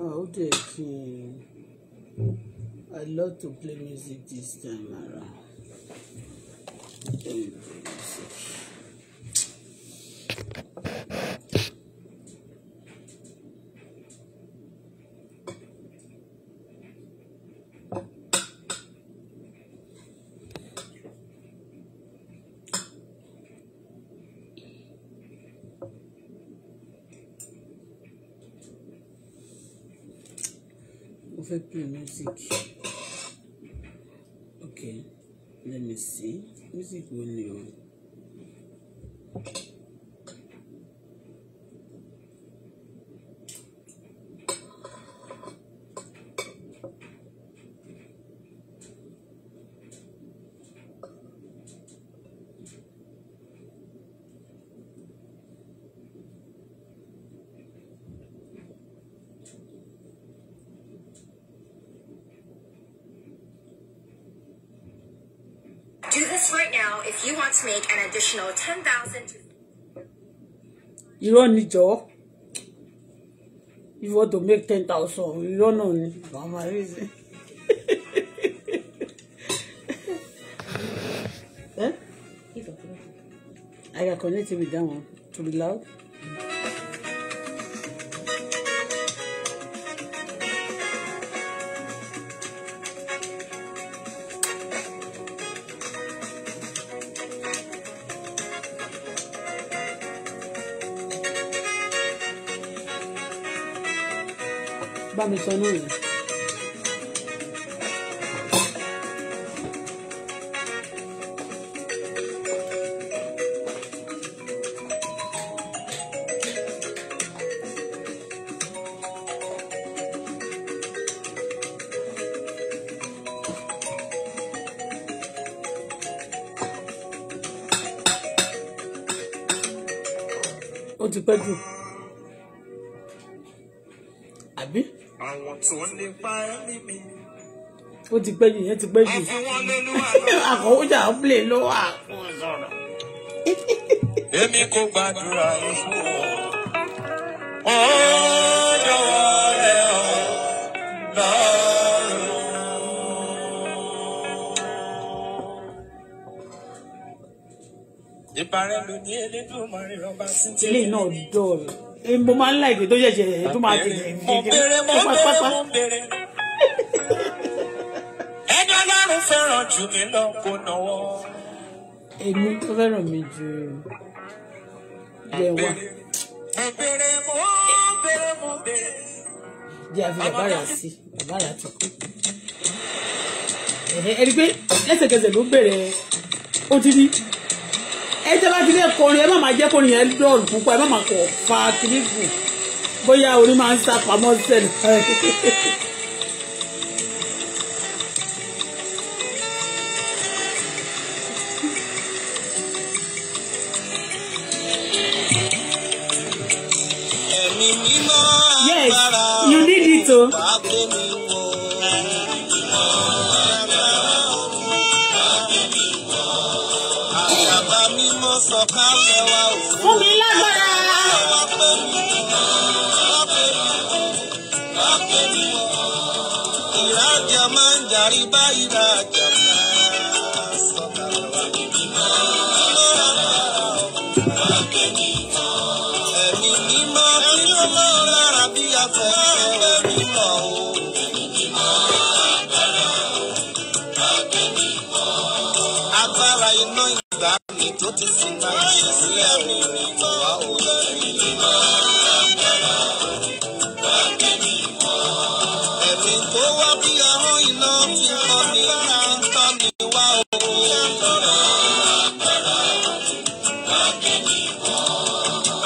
Oh, ah, dear King. I love to play music this time around. Let me still play music okay let me see music wo ni oh. now if you want to make an additional 10,000 you don't need, jọ̀ọ́ you want to make ten thousand irọ́ náà ni màmá rí sí. I got eh? connected with that one to be loud. mi sọ náà yìí. ó ti pẹ́ jù. ó ti pẹ́ jù yẹn ti pẹ́ jù àkọ́wọ́jà ó lè ló wà èmi kò gbàdúrà èso ó ọ lọ́rùn. ìparẹ́ ló ní mo máa ń láìpẹ́ tó yẹ̀yẹ̀ tó máa tẹ̀lé mi. mo bèrè fẹ́ràn jù mí lọ kó náwó. èmi tó fẹ́ràn mi jù jẹ wá. bèrè mo bèrè mo bèrè. jẹ́ àfi bàbá rà sí bàbá rà tó. ẹni pé lẹ́sẹ̀kẹsẹ̀ ló bẹ̀rẹ̀ ó ti ní ẹ jẹ́ bá ti lè kọrin ẹ má máa jẹ́ kọrin yẹn lọ́rùn púpọ̀ ẹ má máa kọ̀ fa kiri kù bóyá orí máa ń sá pamọ́ sẹ́nu. late oh. fún mi lágbára. ìrajà máa ń jàrí báyìí rajà ẹ̀mí mímọ́ kí ló lọ́ọ́ lára bí afẹ́fẹ́ lọ o. agbára iná ìgbà mi tó ti sùn náà ṣe sílẹ̀ rìnrìn tó wá o lẹ́rìn. ẹ̀mí tó wá bí ọ̀hún iná ti kọ́ mi náà ń tọ́ mi wá o.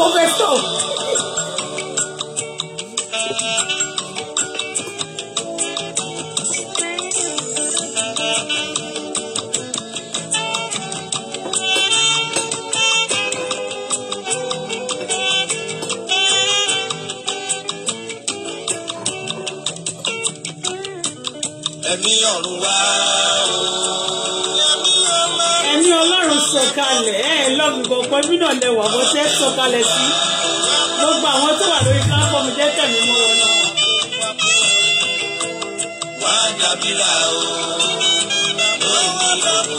Professor. ẹ̀mí ọ̀run wá o sọ̀kalẹ̀ ẹ̀ lọ́ọ̀mì gbọ̀ngbọ̀n mí náà lẹ́wà bó ṣe sọ̀kalẹ̀ sí gbogbo àwọn tó wà lórí káfọ́ọ̀mù jẹ́ tẹ̀mí mọ́ wọn náà. wà á dàbílà o lóyún lọ́dún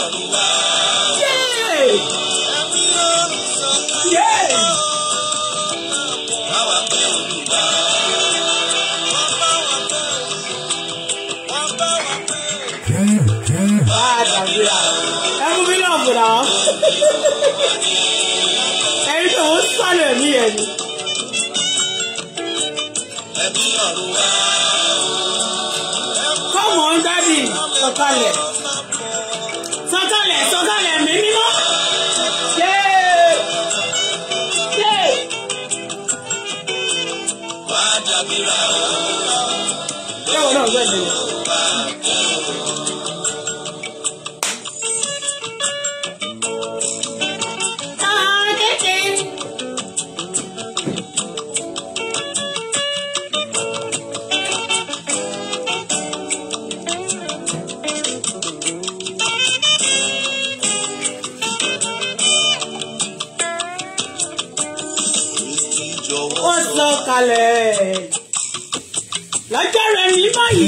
Olúwa. Ẹ̀mí Come on, Daddy, sọ̀kalẹ̀. Táwọn náà gbẹ̀mí lọ. kalẹ̀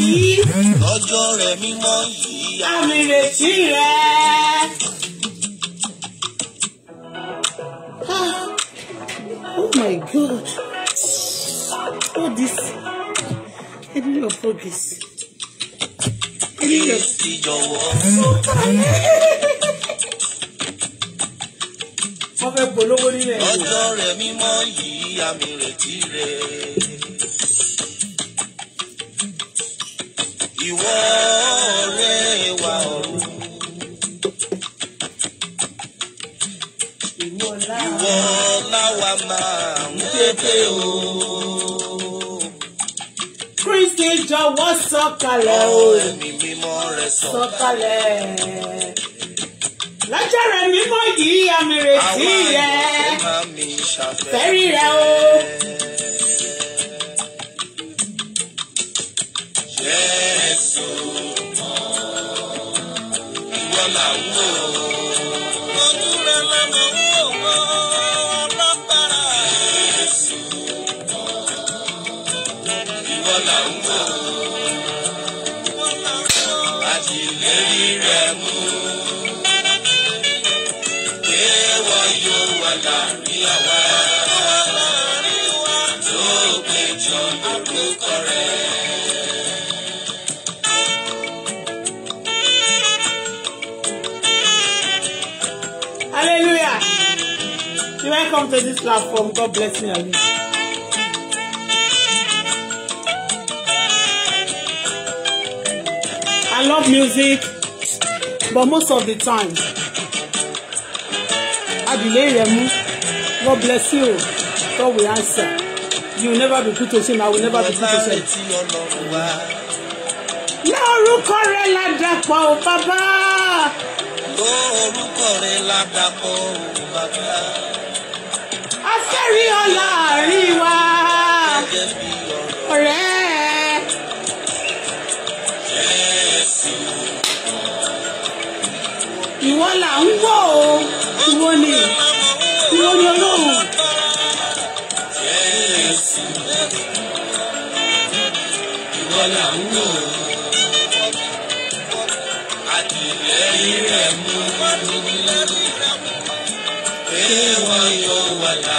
yìí. lọ́jọ́ rẹ̀ mímọ́ yìí. àmì ìrètí rẹ̀. Ah, oh my god all this i need your focus i need your. wọ́n polówó nílẹ̀. lọ́jọ́ rẹ̀ mímọ́ yìí àmì ìrètí rẹ̀. ìwọ ọ̀rẹ́ wa ọ̀run. ìwọ láwa máa ń kéde o. Kristi jọ̀wọ́ sọ̀kalẹ̀ o. ẹ̀mí mímọ́ rẹ̀ sọ̀kalẹ̀. lọ́jọ́ rẹ̀ mímọ́ yìí àmì rètí rẹ̀. fẹ́rí rẹ̀ o. Jésù mọ̀ ìwọ là ń wò. Mo dúró lọ́mọ ń wò ó ọlọ́gbàrà. Jésù mọ̀ ìwọ là ń wò. Àtìlérí rẹ̀ mú. Pé wọ́n yóò wà láàrin àwa. Tó gbẹjọ́ lórúkọ rẹ̀. Welcome to this platform. God bless me. Amen. I love music, but most of the time, I Adile Remu, God bless you. God will answer. You will never be put to shame. I will never be put to shame. Lórúkọ rẹ̀ la dàpọ̀ o bàbá. Lórúkọ rẹ̀ la dàpọ̀ o bàbá rí ọlá rí wa ọ̀rẹ́. ìwọ là ń wò ó ìwọ ni ìwọ ni olóhùn. ìwọ là ń wò ó àtìlẹ́yìn rẹ̀ mú un. Ewa yo wala.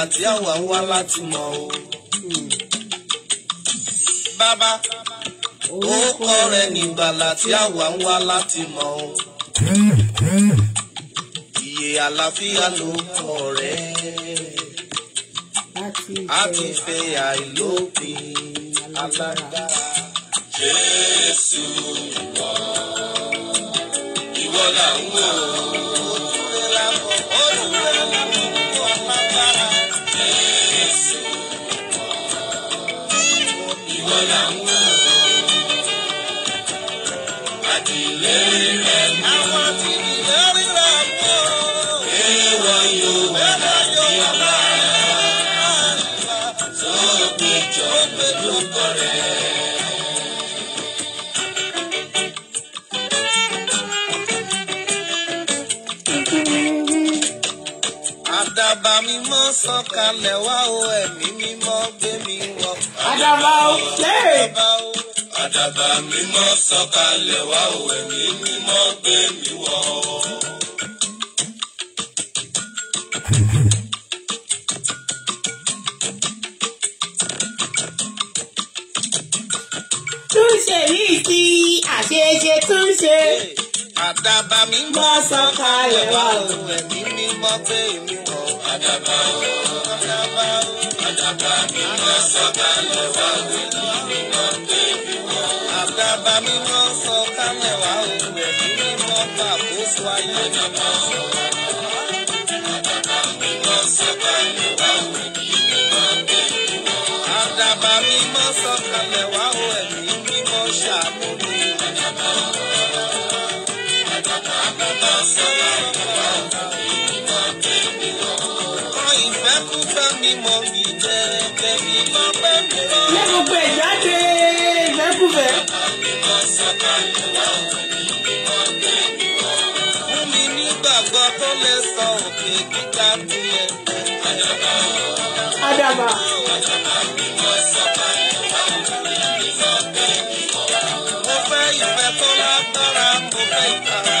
ìmọ̀ tí àwa ń wá láti mọ̀ o. bàbá orúkọ rẹ̀ nìgbàlà tí àwa ń wá láti mọ̀ o. iye àlàáfíà ló kọ rẹ̀ àti ìfẹ́ àìlópin alágbára. Jésù ìwọ ìwọ là ń wò ó. ọgbọ́n là ń wò. àtìlé rẹ̀ ń wò. àwọn àtìlé rẹ̀ ń wò. èèwọ̀ yóò bàbá mímọ́ sọ̀kalẹ̀ wá o ẹ̀mí mímọ́ gbé mi wọ̀. àdàbà o àdàbà o. àdàbà mímọ́ sọ̀kalẹ̀ wá o ẹ̀mí mímọ́ gbé mi wọ̀. túnṣe yìí sí àṣeṣe túnṣe. àdàbà mímọ́ sọ̀kalẹ̀ wá o ẹ̀mí mímọ́ gbé mi wọ̀ àdàbà o àdàbà o àdàbà mi mọ sọ̀kalẹ̀ wá o mi mọ bèbí wọn. àdàbà mi mọ sọ̀kalẹ̀ wá o ẹ̀mí mi mọ bàbóso ayé. àdàbà o àdàbà mi mọ sọ̀kalẹ̀ wá o mi mọ bèbí wọn. àdàbà mi mọ sọ̀kalẹ̀ wá o ẹ̀mí mi mọ ṣàmúlò. àdàbà o àdàbà mi mọ sọ̀kalẹ̀ wá o lẹ́gbẹ̀ẹ́ jáde lẹ́gbẹ̀ẹ́. mi nígbàgbọ́ tó lè sọ òkè gíga kulẹ̀. àdàbà. mo fẹ́ ìfẹ́ tó lágbára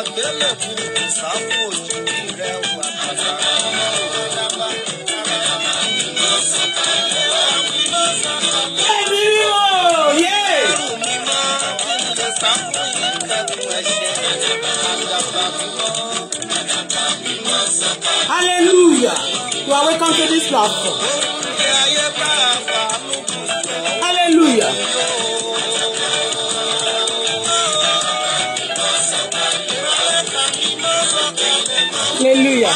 Hallelujah. You are welcome to this platform. Hallelujah. hallelujah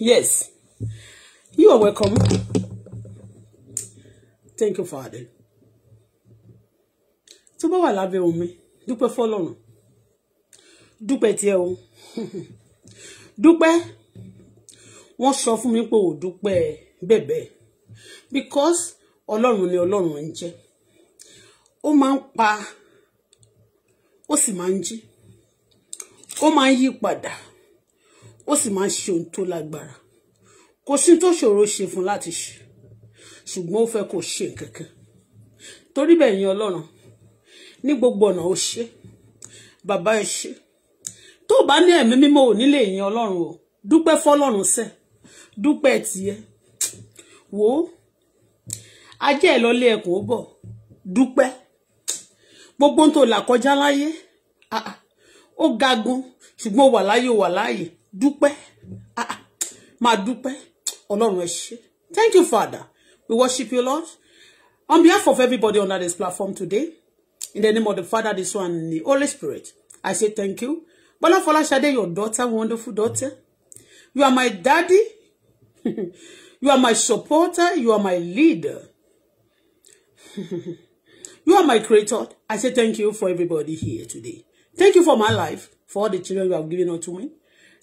Yes, you are welcome. Thank you, Father. Tó bá wà lábẹ́ omi, dúpẹ́ fọ́lọ́run. Dúpẹ́ tiẹ̀ o. Dúpẹ́ wọ́n sọ fún mi pé ò dúpẹ́ bẹ̀bẹ̀ because ọlọ́run ni ọlọ́run ń jẹ́ ó máa ń pa ó sì máa ń jí ó máa ń yí padà ó sì máa ń ṣe ohun tó lágbára kò sí tó ṣòro ṣe fún láti ṣe ṣùgbọ́n ó fẹ́ kó ṣe kankan torí bẹ́ẹ̀ yín ọlọ́run ní gbogbo ọ̀nà ó ṣe bàbá ẹ ṣe tó bá ní ẹ̀mí mímọ́ ò nílé yín ọlọ́run o dúpẹ́ fọlọ́run sẹ́ dúpẹ́ tiẹ̀ wò ó ajé ẹ̀ lọ́lé ẹ̀ kò bọ̀ dúpẹ́ gbogbo tó là kọjá láyé ó gagun ṣùgbọ́n wà láyé wà láyé dúpẹ́ máa dúpẹ́ ọlọ́run ẹ ṣé thank you father we worship you lord on behalf of everybody under this platform today in the name of the father the son and the holy spirit i say thank you Bola Folashade your daughter wonderful daughter you are my daddy you are my supporter you are my leader you are my creator. I say thank you for everybody here today. Thank you for my life, for all the children you have given unto me.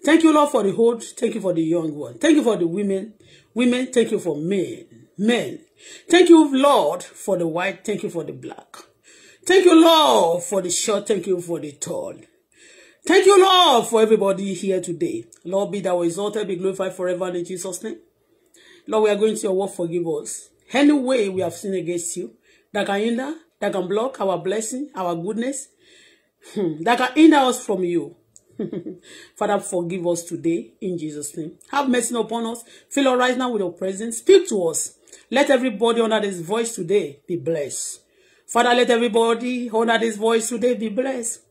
Thank you, Lord, for the old. Thank you for the young one. Thank you for the women. Women, thank you for men. Men. Thank you, Lord, for the white. Thank you for the black. Thank you, Lord, for the short. Thank you for the tall. Thank you, Lord, for everybody here today. Lord, be thou exalted, be glorified forever in Jesus' name. Lord, we are going to your word, forgive us. Any way we have sinned against you, that can hinder, that can block our blessing, our goodness, hmm. that can hinder us from you. Father, forgive us today in Jesus' name. Have mercy upon us. Fill us right now with your presence. Speak to us. Let everybody under this voice today be blessed. Father, let everybody under this voice today be blessed.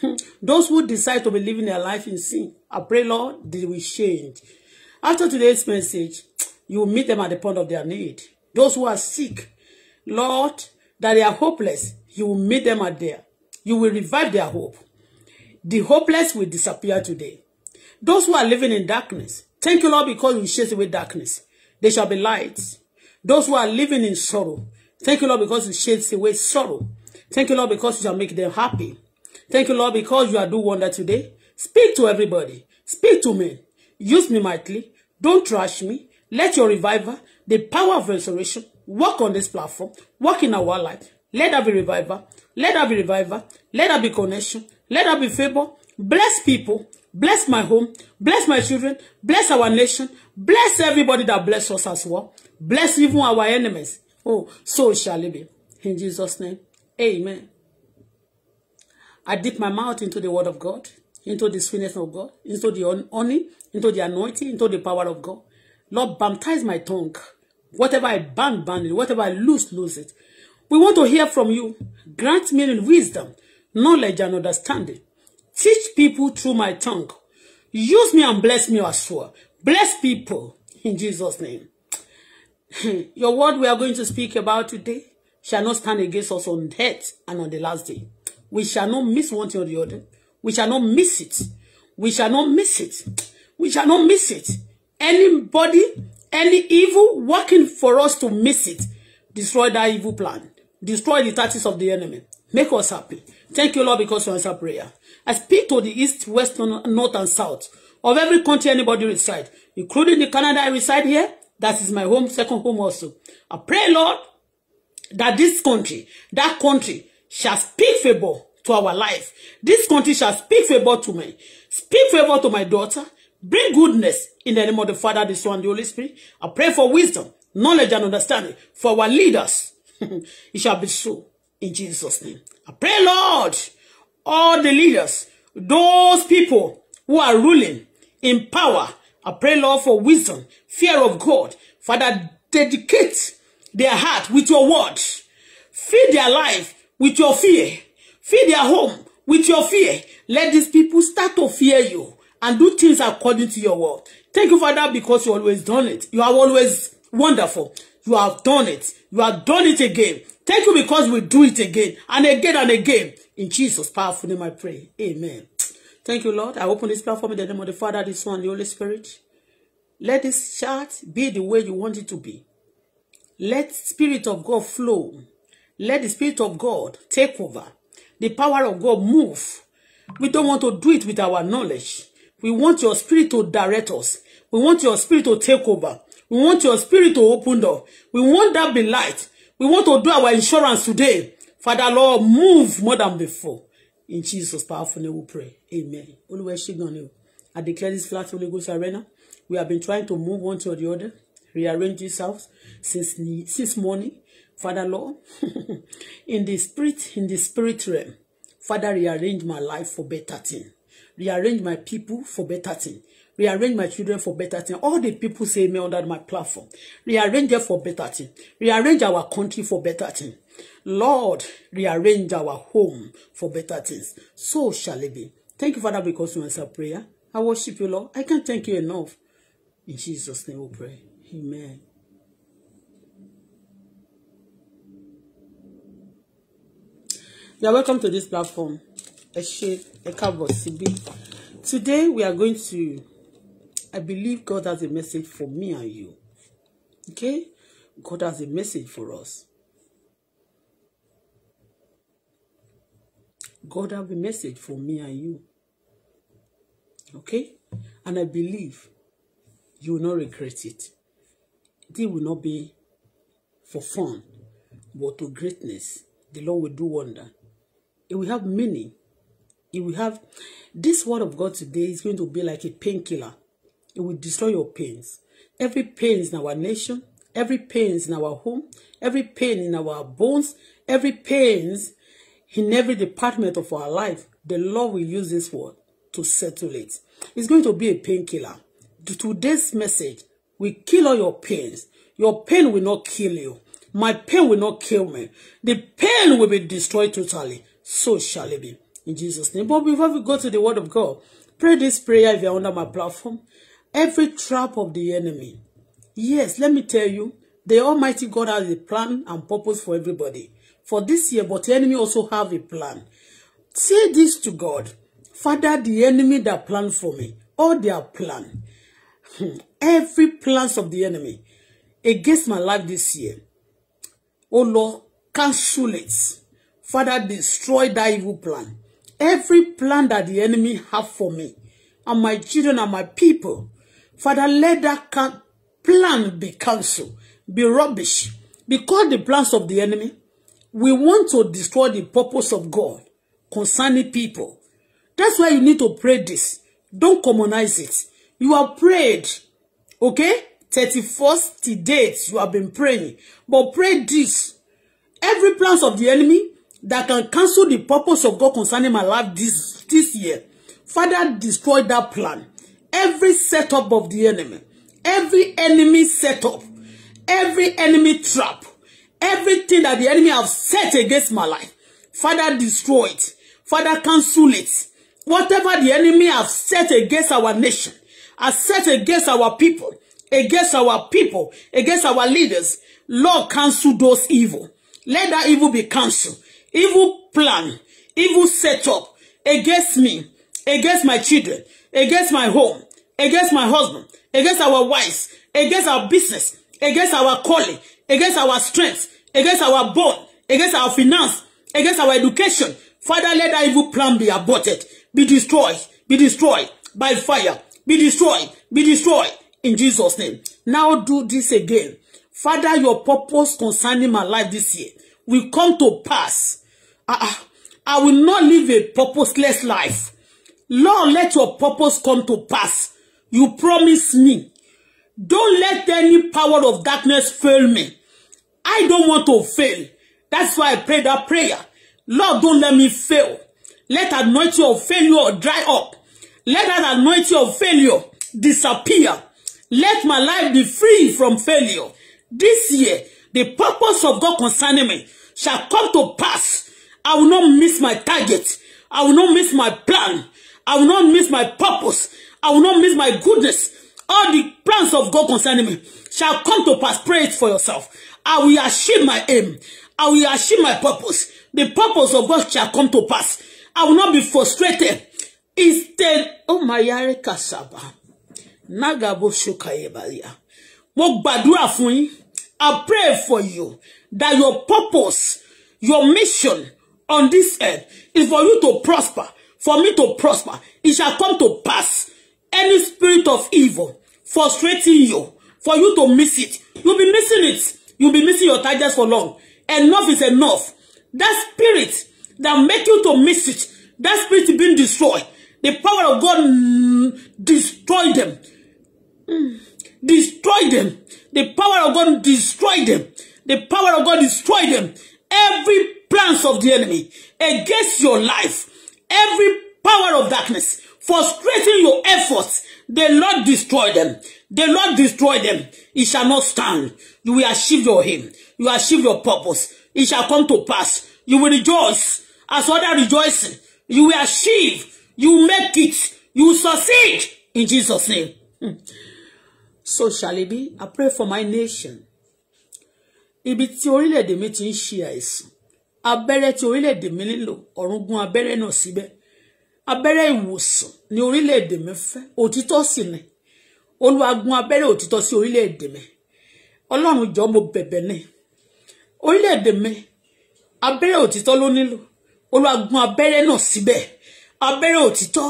Hmm. Those who decide to be living their life in sin, I pray, Lord, they will change. After today's message, you will meet them at the point of their need. Those who are sick, Lord, that they are hopeless, you will meet them at there. You will revive their hope. The hopeless will disappear today. Those who are living in darkness, thank you, Lord, because you chase away darkness. they shall be light. Those who are living in sorrow, thank you, Lord, because you chase away sorrow. Thank you, Lord, because you shall make them happy. Thank you, Lord, because you are doing wonder today. Speak to everybody. Speak to me. Use me mightily. Don't trash me. Let your revival, the power of restoration, Work on this platform. Work in our life. Let there be revival. Let there be revival. Let there be connection. Let there be favor. Bless people. Bless my home. Bless my children. Bless our nation. Bless everybody that bless us as well. Bless even our enemies. Oh, so shall it be. In Jesus' name. Amen. I dip my mouth into the word of God, into the sweetness of God, into the honey, into the anointing, into the power of God. Lord, baptize my tongue Whatever I ban, ban it. Whatever I lose, lose it. We want to hear from you. Grant me wisdom, knowledge, and understanding. Teach people through my tongue. Use me and bless me, I swear. Bless people in Jesus' name. Your word we are going to speak about today shall not stand against us on death and on the last day. We shall not miss one thing or the other. We shall not miss it. We shall not miss it. We shall not miss it. Anybody Any evil working for us to miss it, destroy that evil plan. Destroy the tactics of the enemy. Make us happy. Thank you, Lord, because you answer prayer. I speak to the east, west, north, and south of every country anybody reside, including the Canada I reside here. That is my home, second home also. I pray, Lord, that this country, that country shall speak favor to our life. This country shall speak favor to me. Speak favor to my daughter. Bring goodness in the name of the Father, the Son, and the Holy Spirit. I pray for wisdom, knowledge, and understanding for our leaders. it shall be so in Jesus' name. I pray, Lord, all the leaders, those people who are ruling in power, I pray, Lord, for wisdom, fear of God. Father, dedicate their heart with your word. Feed their life with your fear. Feed their home with your fear. Let these people start to fear you and do things according to your word. Thank you, Father, because you always done it. You are always wonderful. You have done it. You have done it again. Thank you because we do it again and again and again. In Jesus' powerful name I pray. Amen. Thank you, Lord. I open this platform in the name of the Father, the Son, and the Holy Spirit. Let this chart be the way you want it to be. Let Spirit of God flow. Let the Spirit of God take over. The power of God move. We don't want to do it with our knowledge. We want your spirit to direct us. We want your spirit to take over. We want your spirit to open door. We want that be light. We want to do our insurance today. Father Lord, move more than before. In Jesus' powerful name we pray. Amen. Only ṣe gan ni I declare this flat Holy Ghost arena. We have been trying to move one to the other, rearrange ourselves since since morning. Father Lord, in the spirit, in the spirit realm, Father, rearrange my life for better things rearrange my people for better things. rearrange my children for better things. all the people say me under my platform rearrange them for better things. rearrange our country for better things. lord rearrange our home for better things so shall it be thank you father because you answer prayer i worship you lord i can't thank you enough in jesus name we pray amen. You welcome to this platform ẹ ṣé ẹ today we are going to I believe God has a message for me and you okay God has a message for us God has a message for me and you okay and I believe you will not regret it it will not be for fun but to greatness the Lord will do wonder it will have meaning It will have this word of God today is going to be like a painkiller. It will destroy your pains. Every pain in our nation, every pain in our home, every pain in our bones, every pain in every department of our life, the Lord will use this word to settle it. It's going to be a painkiller. Today's message will kill all your pains. Your pain will not kill you. My pain will not kill me. The pain will be destroyed totally. So shall it be. in Jesus' name. But before we go to the word of God, pray this prayer if you're under my platform. Every trap of the enemy. Yes, let me tell you, the Almighty God has a plan and purpose for everybody. For this year, but the enemy also have a plan. Say this to God. Father, the enemy that plan for me, all their plan, hmm, every plans of the enemy against my life this year, oh Lord, cancel it. Father, destroy that evil plan every plan that the enemy have for me and my children and my people. Father, let that plan be canceled, be rubbish. Because the plans of the enemy, we want to destroy the purpose of God concerning people. That's why you need to pray this. Don't commonize it. You have prayed, okay? 31st date, you have been praying. But pray this. Every plans of the enemy that can cancel the purpose of God concerning my life this, this year. Father, destroy that plan. Every setup of the enemy, every enemy setup, every enemy trap, everything that the enemy have set against my life, Father, destroy it. Father, cancel it. Whatever the enemy have set against our nation, has set against our people, against our people, against our leaders, Lord, cancel those evil. Let that evil be cancelled evil plan, evil setup against me, against my children, against my home, against my husband, against our wives, against our business, against our calling, against our strength, against our bond, against our finance, against our education. Father, let that evil plan be aborted, be destroyed, be destroyed by fire, be destroyed, be destroyed in Jesus' name. Now do this again. Father, your purpose concerning my life this year will come to pass ah, I will not live a purposeless life. Lord, let your purpose come to pass. You promise me. Don't let any power of darkness fail me. I don't want to fail. That's why I pray that prayer. Lord, don't let me fail. Let anointing of failure dry up. Let that anointing of failure disappear. Let my life be free from failure. This year, the purpose of God concerning me shall come to pass. I will not miss my target. I will not miss my plan. I will not miss my purpose. I will not miss my goodness. All the plans of God concerning me shall come to pass. Pray it for yourself. I will achieve my aim. I will achieve my purpose. The purpose of God shall come to pass. I will not be frustrated. Instead, oh my yare kasaba. Nagabo shokayebalia. Mo gbàdúrà fún I pray for you that your purpose, your mission, on this earth is for you to prosper, for me to prosper. It shall come to pass. Any spirit of evil frustrating you, for you to miss it, you'll be missing it. You'll be missing your targets for long. Enough is enough. That spirit that make you to miss it, that spirit being destroyed, the power of God mm, destroy them. Destroy them. The power of God destroy them. The power of God destroy them every plans of the enemy against your life, every power of darkness frustrating your efforts, the Lord destroy them. The Lord destroy them. It shall not stand. You will achieve your aim. You will achieve your purpose. It shall come to pass. You will rejoice as other rejoicing. You will achieve. You will make it. You will succeed in Jesus' name. Hmm. So shall it be. I pray for my nation ibi tí orílẹ̀-èdè mi ti ń ṣe àìsàn abẹ́rẹ́ tí orílẹ̀-èdè mi nílò ọ̀run gún abẹ́rẹ́ náà síbẹ̀ abẹ́rẹ́ ìwòsàn ni orílẹ̀-èdè mi fẹ́ òtítọ́ sì ni Olúwa gún abẹ́rẹ́ òtítọ́ sí orílẹ̀-èdè mi Ọlọ́run jọ mo bẹ̀bẹ̀ ni orílẹ̀-èdè mi abẹ́rẹ́ òtítọ́ ló nílò Olúwa abẹ́rẹ́ náà síbẹ̀ abẹ́rẹ́ òtítọ́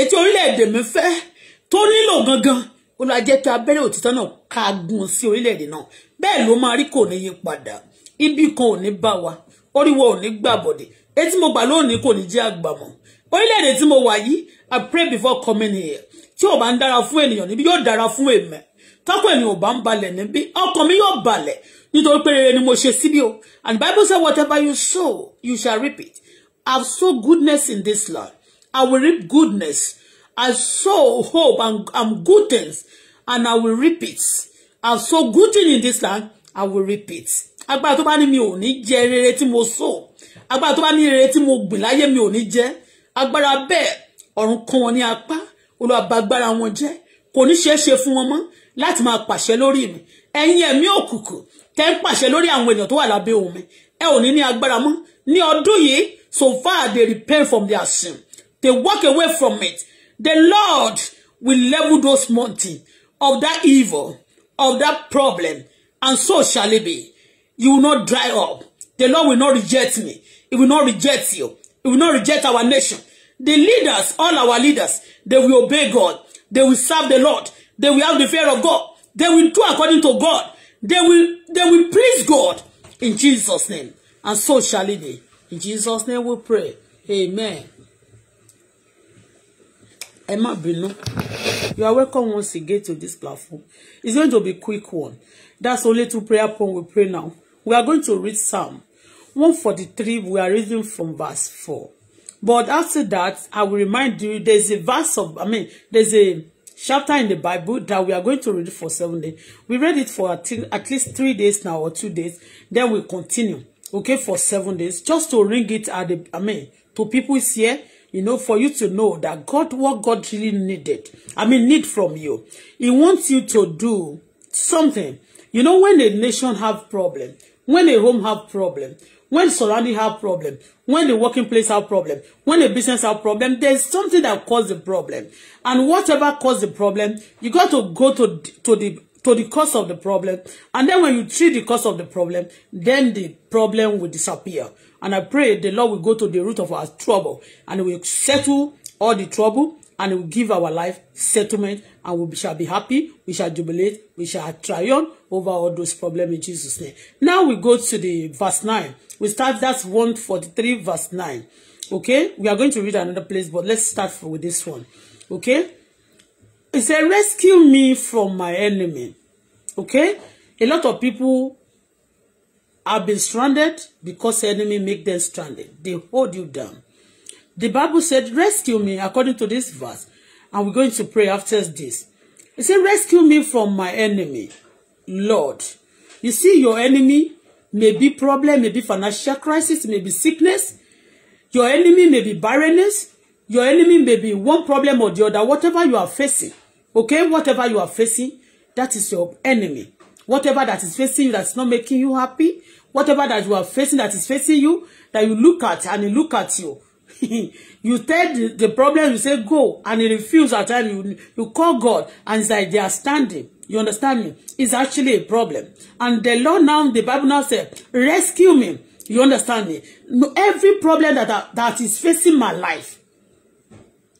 ètò orílẹ̀-èdè mi fẹ́ tó nílò gangan olúwa jẹ́ kí abẹ́rẹ́ òtítọ́ náà ká gún sí orílẹ̀-èdè náà bẹ́ẹ̀ ló máa rí kò ní yí padà ibì kan ò ní bá wa oríwọ ò ní gbàbọ̀dẹ̀ etí mo gbà lónìí kò ní jẹ́ àgbàmọ̀ orílẹ̀-èdè tí mo wà yìí i pray before coming here tí ò bá ń dára fún ènìyàn níbí yóò dára fún èmi tọ́kọ̀ ènìyàn ò bá ń balẹ̀ níbí ọkàn mi yóò balẹ̀ nítorí pé rere ni mo ṣe síbí o and the bible says whatever you sow you shall reap it i have sow goodness in this land i will reap goodness I sow hope and, and good things, and I will reap it. I sow good things in this land, I will reap it. Agbára tó bá ní mi ò ní jẹ rere tí mo sow. Agbára tó bá ní rere tí mo gbìn láyé mi ò ní jẹ. Agbára bẹ́ẹ̀ ọ̀run kan wọn ní apá. Olúwa ba agbára wọn jẹ́. Kò ní ṣeé ṣe fún wọn mọ́ láti mi. Ẹ̀yin ẹ̀mí òkùnkùn tẹ́ ń pàṣẹ lórí àwọn èèyàn tó wà lábẹ́ mi. Ẹ ò ní ní agbára mọ́. Ní ọdún yìí, so far they repent from their sin. They walk away from it. The Lord will level those mountains of that evil, of that problem, and so shall it be. You will not dry up. The Lord will not reject me. He will not reject you. He will not reject our nation. The leaders, all our leaders, they will obey God. They will serve the Lord. They will have the fear of God. They will do according to God. They will, they will please God in Jesus' name. And so shall it be. In Jesus' name we pray. Amen. Emma má you are welcome once again to this platform it's going to be quick one that's only two prayer points. we pray now we are going to read Psalm 143 we are reading from verse 4 but after that I will remind you there's a verse of I mean there's a chapter in the Bible that we are going to read for seven days we read it for at least three days now or two days then we continue okay for seven days just to ring it at the I mean to people's here you know, for you to know that God, what God really needed, I mean, need from you. He wants you to do something. You know, when a nation have problem, when a home have problem, when surrounding have problem, when the working place have problem, when a business have problem, there's something that cause the problem. And whatever caused the problem, you got to go to, to the to the cause of the problem. And then when you treat the cause of the problem, then the problem will disappear. And I pray the Lord will go to the root of our trouble and will settle all the trouble and will give our life settlement and we shall be happy, we shall jubilate, we shall triumph over all those problems in Jesus' name. Now we go to the verse 9. We start, that's 143 verse 9. Okay, we are going to read another place, but let's start with this one. Okay, it says, rescue me from my enemy. Okay, a lot of people have been stranded because enemy make them stranded. They hold you down. The Bible said, rescue me according to this verse. And we're going to pray after this. It said, rescue me from my enemy, Lord. You see, your enemy may be problem, may be financial crisis, may be sickness. Your enemy may be barrenness. Your enemy may be one problem or the other. Whatever you are facing, okay? Whatever you are facing, that is your enemy whatever that is facing you that's not making you happy, whatever that you are facing that is facing you, that you look at and you look at you. you tell the, the problem, you say go, and he refuse at time. You, you call God, and it's like they are standing. You understand me? It's actually a problem. And the Lord now, the Bible now says, rescue me. You understand me? Every problem that, that, that is facing my life,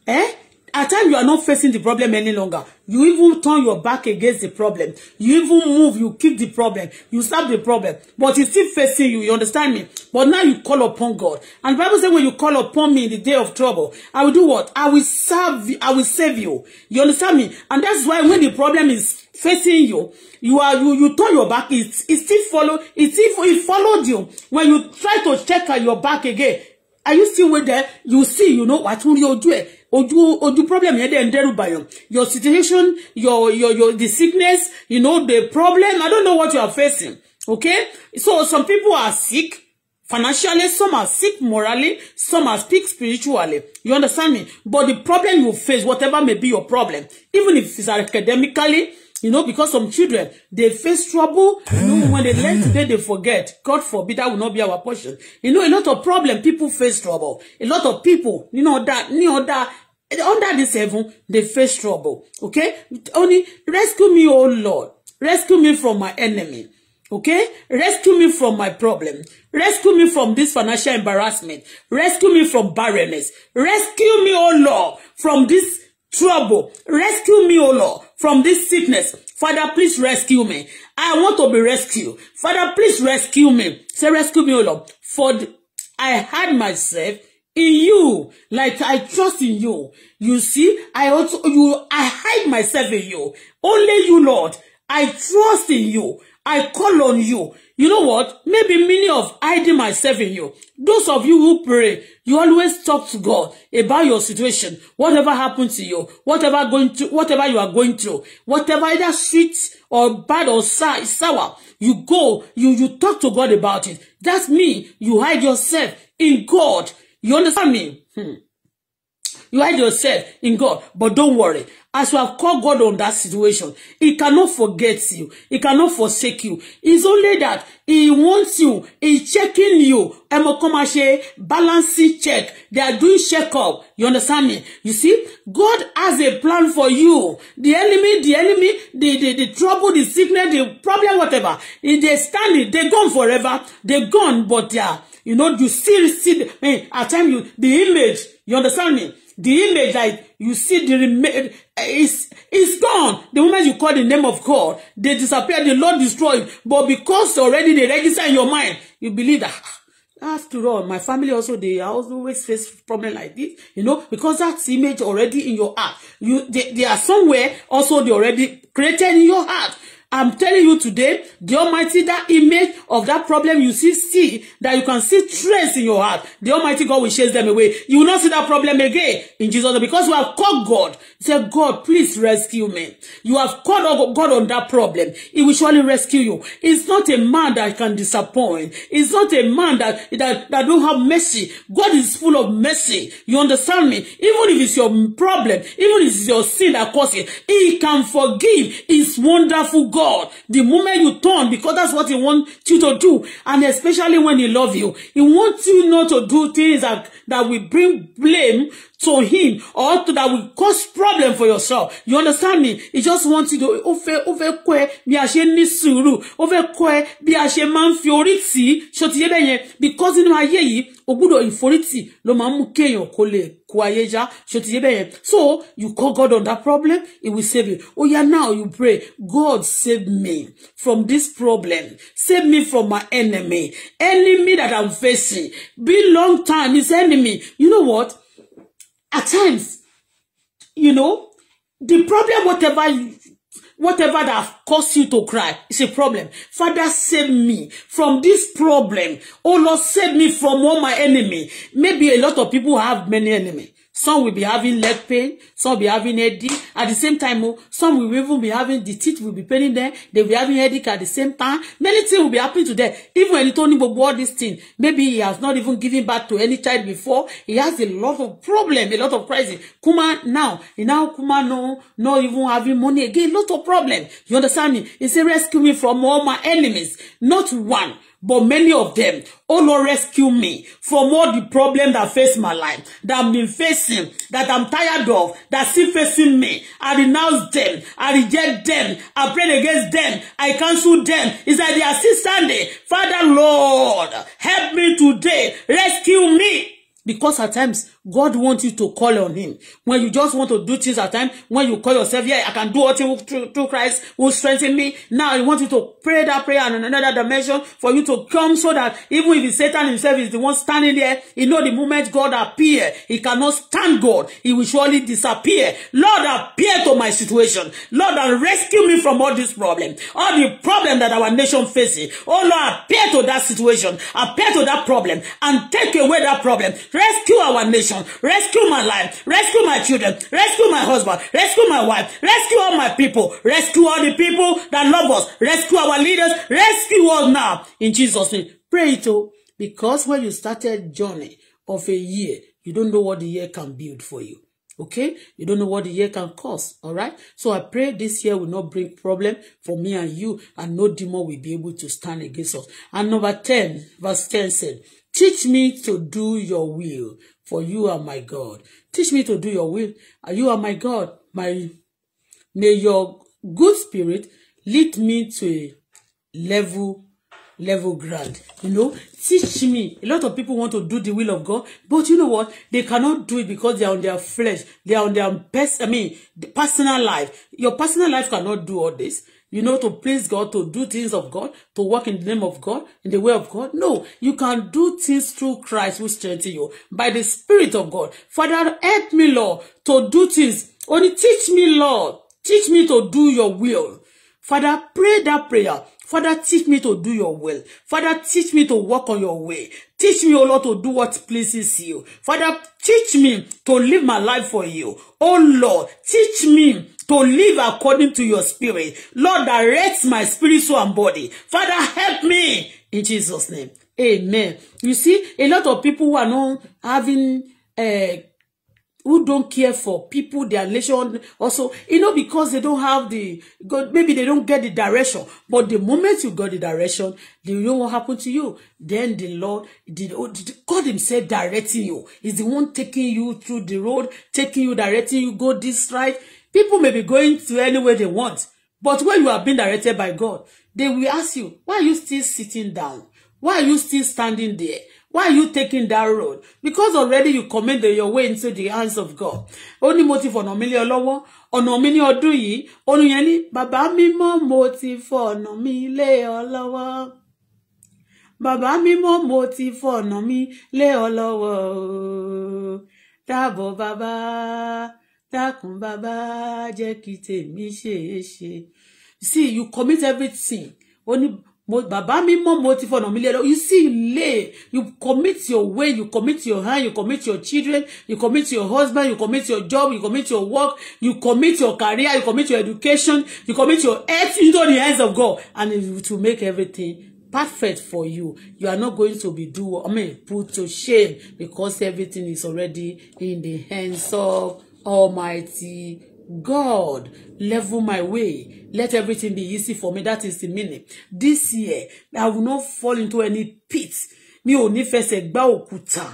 eh? at time you are not facing the problem any longer. You even turn your back against the problem. You even move, you keep the problem, you stop the problem. But it's still facing you, you understand me? But now you call upon God. And Bible says when you call upon me in the day of trouble, I will do what? I will serve I will save you. You understand me? And that's why when the problem is facing you, you are you you turn your back, it, it still follow, it still it followed you. When you try to check your back again, are you still with there? You see, you know, what will you do? It? ojú ojú problem yẹn dẹ̀ ń dẹ́rù bàyàn your situation your your your the sickness you know the problem i don't know what you are facing okay so some people are sick financially some are sick morally some are sick spiritually you understand me but the problem you face whatever may be your problem even if it's academically You know, because some children, they face trouble. You know, when they learn today, they forget. God forbid, that will not be our portion. You know, a lot of problem, people face trouble. A lot of people, you know, that, you know, that, under this heaven, they face trouble. Okay? Only rescue me, oh Lord. Rescue me from my enemy. Okay? Rescue me from my problem. Rescue me from this financial embarrassment. Rescue me from barrenness. Rescue me, oh Lord, from this trouble. Rescue me, O Lord, from this sickness. Father, please rescue me. I want to be rescued. Father, please rescue me. Say, rescue me, O Lord. For I hide myself in you like I trust in you. You see, I also you I hide myself in you. Only you, Lord. I trust in you. I call on you. You know what? Maybe many of hiding myself in you. Those of you who pray, you always talk to God about your situation, whatever happened to you, whatever going to, whatever you are going through, whatever either sweet or bad or sour, you go, you you talk to God about it. That's me. You hide yourself in God. You understand me? Hmm. You hide yourself in God, but don't worry. As you have called God on that situation, He cannot forget you. He cannot forsake you. It's only that He wants you. He's checking you. I'm a Emokomashe balancing check. They are doing check up. You understand me? You see, God has a plan for you. The enemy, the enemy, the the, the trouble, the sickness, the problem, whatever. If they stand it, they gone forever. They gone, but they are, you know, you still see. The, I mean, at times you the image. You understand me? The image like you see the remain eh, is is gone. The moment you call the name of God, they disappear. The Lord destroyed. But because already they register in your mind, you believe that. Ah, after all, my family also they always face problem like this, you know, because that image already in your heart. You they, they are somewhere also they already created in your heart. I'm telling you today, the Almighty, that image of that problem you see, see, that you can see trace in your heart, the Almighty God will chase them away. You will not see that problem again in Jesus' name because you have called God. Say, God, please rescue me. You have called God on that problem. He will surely rescue you. It's not a man that can disappoint. It's not a man that, that, that don't have mercy. God is full of mercy. You understand me? Even if it's your problem, even if it's your sin that causes it, He can forgive. It's wonderful God. God the moment you turn because that's what He wants you to do and especially when He loves you He wants you not to do things that, that will bring blame to him or to that will cause problem for yourself you understand me he just wants you to ó fẹ́ ó fẹ́ kọ́ ẹ bí a ṣe ní sùúrù ó fẹ́ kọ́ ẹ bí a ṣe máa ń fi orí tì í ti yé bẹ́ẹ̀ yẹn because inu ayé yìí o gbọ́dọ̀ ìforítì ló máa ń mú kéèyàn kó lè kó ayé já ti yé bẹ́ẹ̀ yẹn so you call God on that problem he will save you oh yeah now you pray God save me from this problem save me from my enemy enemy that I'm facing be long time his enemy you know what at times, you know, the problem, whatever you, whatever that caused you to cry is a problem. Father, save me from this problem. Oh Lord, save me from all my enemy. Maybe a lot of people have many enemy. Some will be having leg pain, some will be having headache. At the same time, oh, some will even be having the teeth will be paining them. They will be having headache at the same time. Many things will be happening to them. Even when Tony told him this thing, maybe he has not even given back to any child before. He has a lot of problem, a lot of crisis. Kuma now, he now Kuma no, not even having money again, lot of problem. You understand me? He said, rescue me from all my enemies. Not one. But many of them, oh Lord, rescue me from all the problems that face my life, that I've been facing, that I'm tired of, that still facing me. I renounce them. I reject them. I pray against them. I cancel them. It's like they are still standing. Father, Lord, help me today. Rescue me. Because at times, God wants you to call on him. When you just want to do things at time, when you call yourself, yeah, I can do all things through, through Christ who strengthen me. Now he wants you to pray that prayer in another dimension for you to come so that even if Satan himself is the one standing there, he know the moment God appear, he cannot stand God. He will surely disappear. Lord, appear to my situation. Lord, and rescue me from all this problem. All the problem that our nation faces. Oh Lord, appear to that situation. Appear to that problem. And take away that problem. Rescue our nation situation. Rescue my life. Rescue my children. Rescue my husband. Rescue my wife. Rescue all my people. Rescue all the people that love us. Rescue our leaders. Rescue us now. In Jesus' name. Pray it all. Because when you started journey of a year, you don't know what the year can build for you. Okay? You don't know what the year can cause. All right? So I pray this year will not bring problem for me and you, and no demon will be able to stand against us. And number 10, verse 10 said, Teach me to do your will, for you are my God. Teach me to do your will. You are my God. My may your good spirit lead me to a level level ground. You know, teach me. A lot of people want to do the will of God, but you know what? They cannot do it because they are on their flesh. They are on their best. I mean, the personal life. Your personal life cannot do all this you know, to please God, to do things of God, to walk in the name of God, in the way of God. No, you can do things through Christ who strengthens you by the Spirit of God. Father, help me, Lord, to do things. Only teach me, Lord. Teach me to do your will. Father, pray that prayer. Father, teach me to do your will. Father, teach me to walk on your way. Teach me, O Lord, to do what pleases you. Father, teach me to live my life for you. Oh Lord, teach me to live according to your spirit. Lord, direct my spirit, soul, and body. Father, help me in Jesus' name. Amen. You see, a lot of people who are not having, uh, who don't care for people, their relation also, you know, because they don't have the, God, maybe they don't get the direction. But the moment you got the direction, you know what happened to you. Then the Lord, the, God himself directing you. He's the one taking you through the road, taking you, directing you, go this right People may be going to anywhere they want, but when you are being directed by God, they will ask you, why are you still sitting down? Why are you still standing there? Why are you taking that road? Because already you commended your way into the hands of God. Only motive for ti fọ̀nà mi lé ọ lọ́wọ́, ọ̀nà mi ní ọdún yìí, ọ̀nà yẹn ní bàbá mímọ́ mo mi lé ọ lọ́wọ́. Bàbá mímọ́ mo ti fọ̀nà mi lé ọ lọ́wọ́. Dáàbò dákun bàbá jẹ́ kí tèmi ṣeé ṣe see you commit everything ó Baba, bàbá mi mọ̀ mo ti fọ̀nà mi lé you see you lay you commit your way you commit your hand you commit your children you commit your husband you commit your job you commit your work you commit your career you commit your education you commit your health know the hands of God and to make everything perfect for you. You are not going to be do I mean put to shame because everything is already in the hands of Almighty God, level my way. Let everything be easy for me. That is the meaning. This year, I will not fall into any pit. Mi ò ní fẹsẹ̀ gbá òkúta.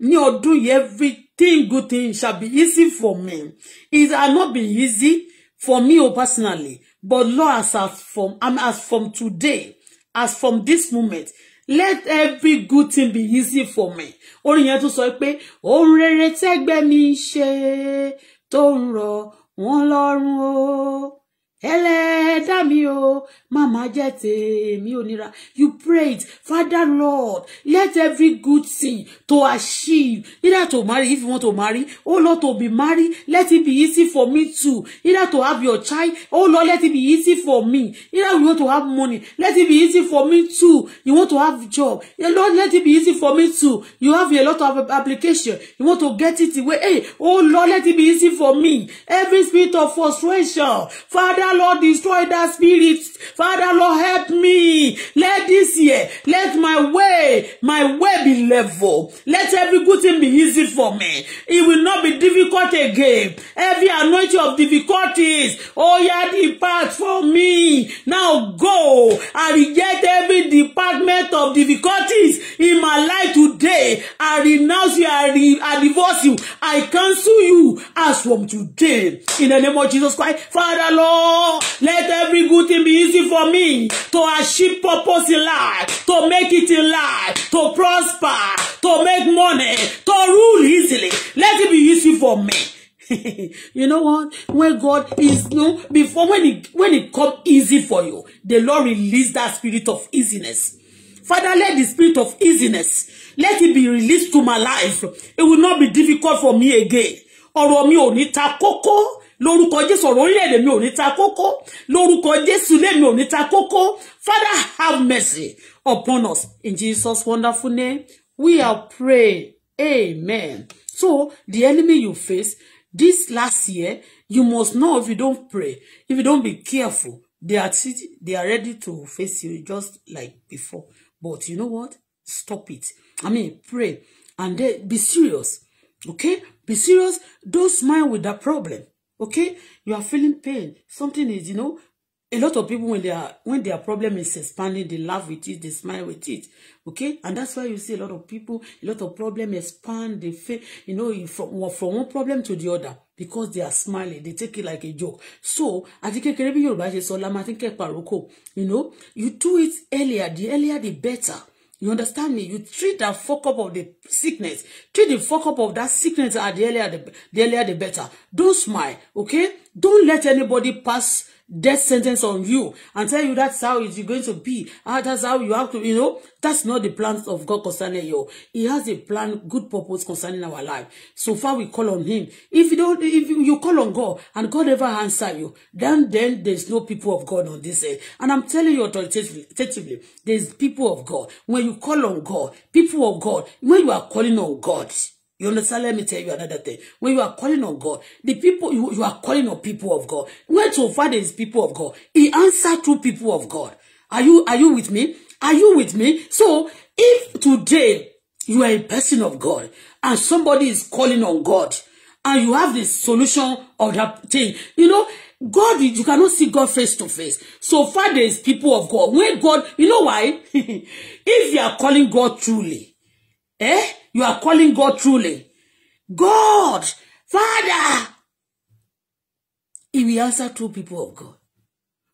Ní ọdún yìí, everything good thing shall be easy for me. It has not been easy for me oh, personally. But Lord, as, as from, as from today, as from this moment, let every good thing be easy for me orin yẹn tún sọ pé ohun rere tẹ́gbẹ́ mi ṣe tó ń rọ̀ wọ́n lọ́rùn o ẹlẹ́dàá mi o màmá jẹ́ tèmi ò nira you prayed father lord let every good thing to achieve either to marry if you want to marry oh lord to be married let it be easy for me too either to have your child oh lord let it be easy for me either you want to have money let it be easy for me too you want to have job yeah, lord let it be easy for me too you have a lot of application you want to get it away hey eh, oh lord let it be easy for me every spirit of frustration father Lord, destroy that spirit. Father, Lord, help me. Let this year, let my way, my way be level. Let every good thing be easy for me. It will not be difficult again. Every anointing of difficulties, oh yeah, depart from me. Now go. and reject every department of difficulties in my life today. I renounce you. I, re I divorce you. I cancel you as from today. In the name of Jesus Christ, Father, Lord let every good thing be easy for me to achieve purpose in life, to make it in life, to prosper, to make money, to rule easily. Let it be easy for me. you know what? When God is you no know, before when he when it come easy for you, the Lord release that spirit of easiness. Father, let the spirit of easiness let it be released to my life. It will not be difficult for me again. Ọ̀rọ̀ mi ò ní ta kókó lórúkọ jésù ọ̀rọ̀ orílẹ̀-èdè mi ò ní ta kókó lórúkọ jésù ilé mi ò ní ta kókó father have mercy upon us in jesus wonderful name we are praying amen so the enemy you face this last year you must know if you don't pray if you don't be careful they are they are ready to face you just like before but you know what stop it i mean pray and then be serious okay be serious don't smile with that problem Okay? You are feeling pain. Something is, you know, a lot of people when they are when their problem is expanding, they laugh with it, they smile with it. Okay? And that's why you see a lot of people, a lot of problem expand, they fail, you know, from, from one problem to the other because they are smiling, they take it like a joke. So, àti kékeré bí Yorùbá ṣe sọ, la máa ti you know, you do it earlier, the earlier the better. You understand me? You treat that fuck up of the sickness. Treat the fuck up of that sickness at the earlier the, the earlier the better. Don't smile, okay? Don't let anybody pass death sentence on you and tell you that's how it's going to be. Ah, that's how you have to, you know, that's not the plans of God concerning you. He has a plan, good purpose concerning our life. So far we call on him. If you don't, if you call on God and God never answer you, then then there's no people of God on this earth. And I'm telling you authoritatively, there's people of God. When you call on God, people of God, when you are calling on God, You understand? Let me tell you another thing. When you are calling on God, the people you, you are calling on people of God. When to find there is people of God, He answered through people of God. Are you are you with me? Are you with me? So if today you are a person of God and somebody is calling on God and you have the solution of that thing, you know, God, you cannot see God face to face. So far, there is people of God. When God, you know why? If you are calling God truly, Eh? You are calling God truly. God, Father. He will answer true people of God.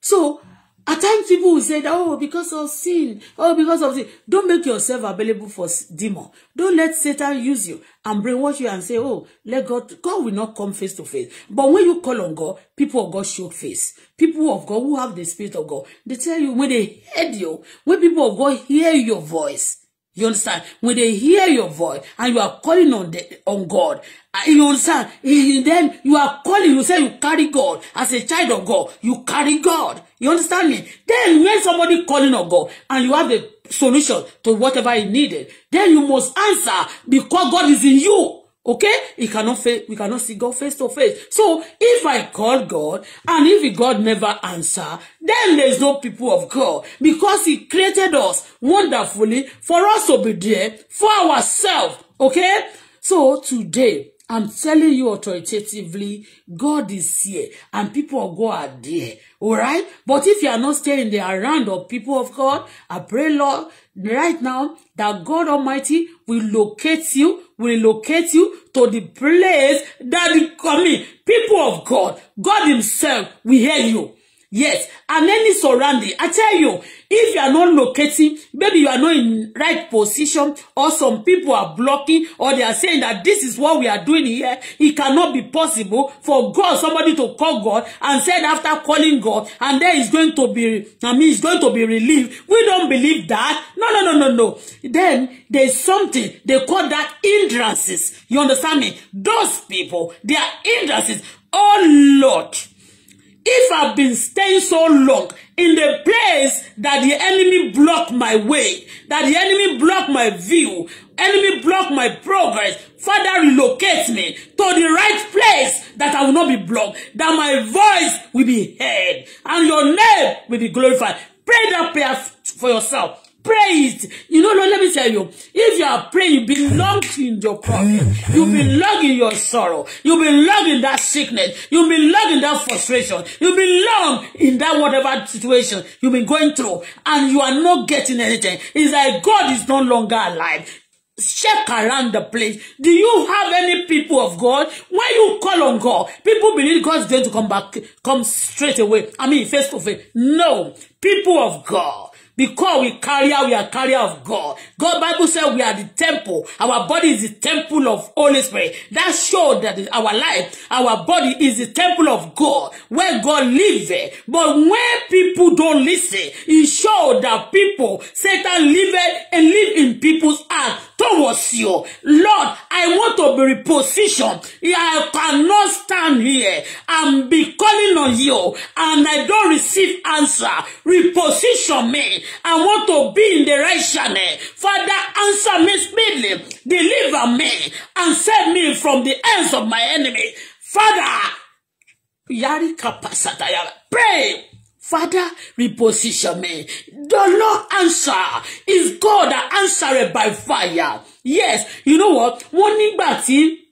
So, at times people will say, oh, because of sin, oh, because of sin. Don't make yourself available for demon. Don't let Satan use you and brainwash you and say, oh, let God, God will not come face to face. But when you call on God, people of God show face. People of God who have the spirit of God, they tell you when they hear you, when people of God hear your voice, You understand? When they hear your voice and you are calling on the, on God, uh, you understand? then you are calling, you say you carry God. As a child of God, you carry God. You understand me? Then when somebody calling on God and you have the solution to whatever he needed, then you must answer because God is in you. Okay? You cannot face, we cannot see God face to face. So if I call God and if God never answer, then there's no people of God because He created us wonderfully for us to be there for ourselves. Okay? So today, I'm telling you authoritatively, God is here and people of God are there. All right? But if you are not staying there around of people of God, I pray, Lord, right now that God Almighty will locate you, will locate you to the place that is coming. People of God, God Himself will hear you. Yes, and any surrounding. I tell you, if you are not locating, maybe you are not in right position, or some people are blocking, or they are saying that this is what we are doing here. It cannot be possible for God, somebody to call God and said after calling God, and there is going to be, I mean, it's going to be relieved. We don't believe that. No, no, no, no, no. Then there's something they call that hindrances. You understand me? Those people, they are hindrances. Oh Lord if I've been staying so long in the place that the enemy blocked my way, that the enemy blocked my view, enemy blocked my progress, Father, relocate me to the right place that I will not be blocked, that my voice will be heard, and your name will be glorified. Pray that prayer for yourself. Pray it. You know, no, let me tell you. If you are praying, you belong in your problem. You belong in your sorrow. You belong in that sickness. You belong in that frustration. You belong in that whatever situation you've been going through. And you are not getting anything. It's like God is no longer alive check around the place. Do you have any people of God? When you call on God, people believe God's going to come back, come straight away. I mean, face to face. No, people of God. because we carrier, we are carrier of God. God Bible said we are the temple. Our body is the temple of Holy Spirit. That showed that our life, our body is the temple of God, where God lives. But when people don't listen, it showed that people, Satan lives and eh, live in people's heart towards you. Lord, I want to be repositioned. I cannot stand here and be calling on you and I don't receive answer. Reposition me I want to be in the righteousness. Father, answer me speedily, deliver me, and save me from the hands of my enemy. Father, pray. Father, reposition me. The Lord answer is God answered by fire. Yes, you know what? One nígbà tí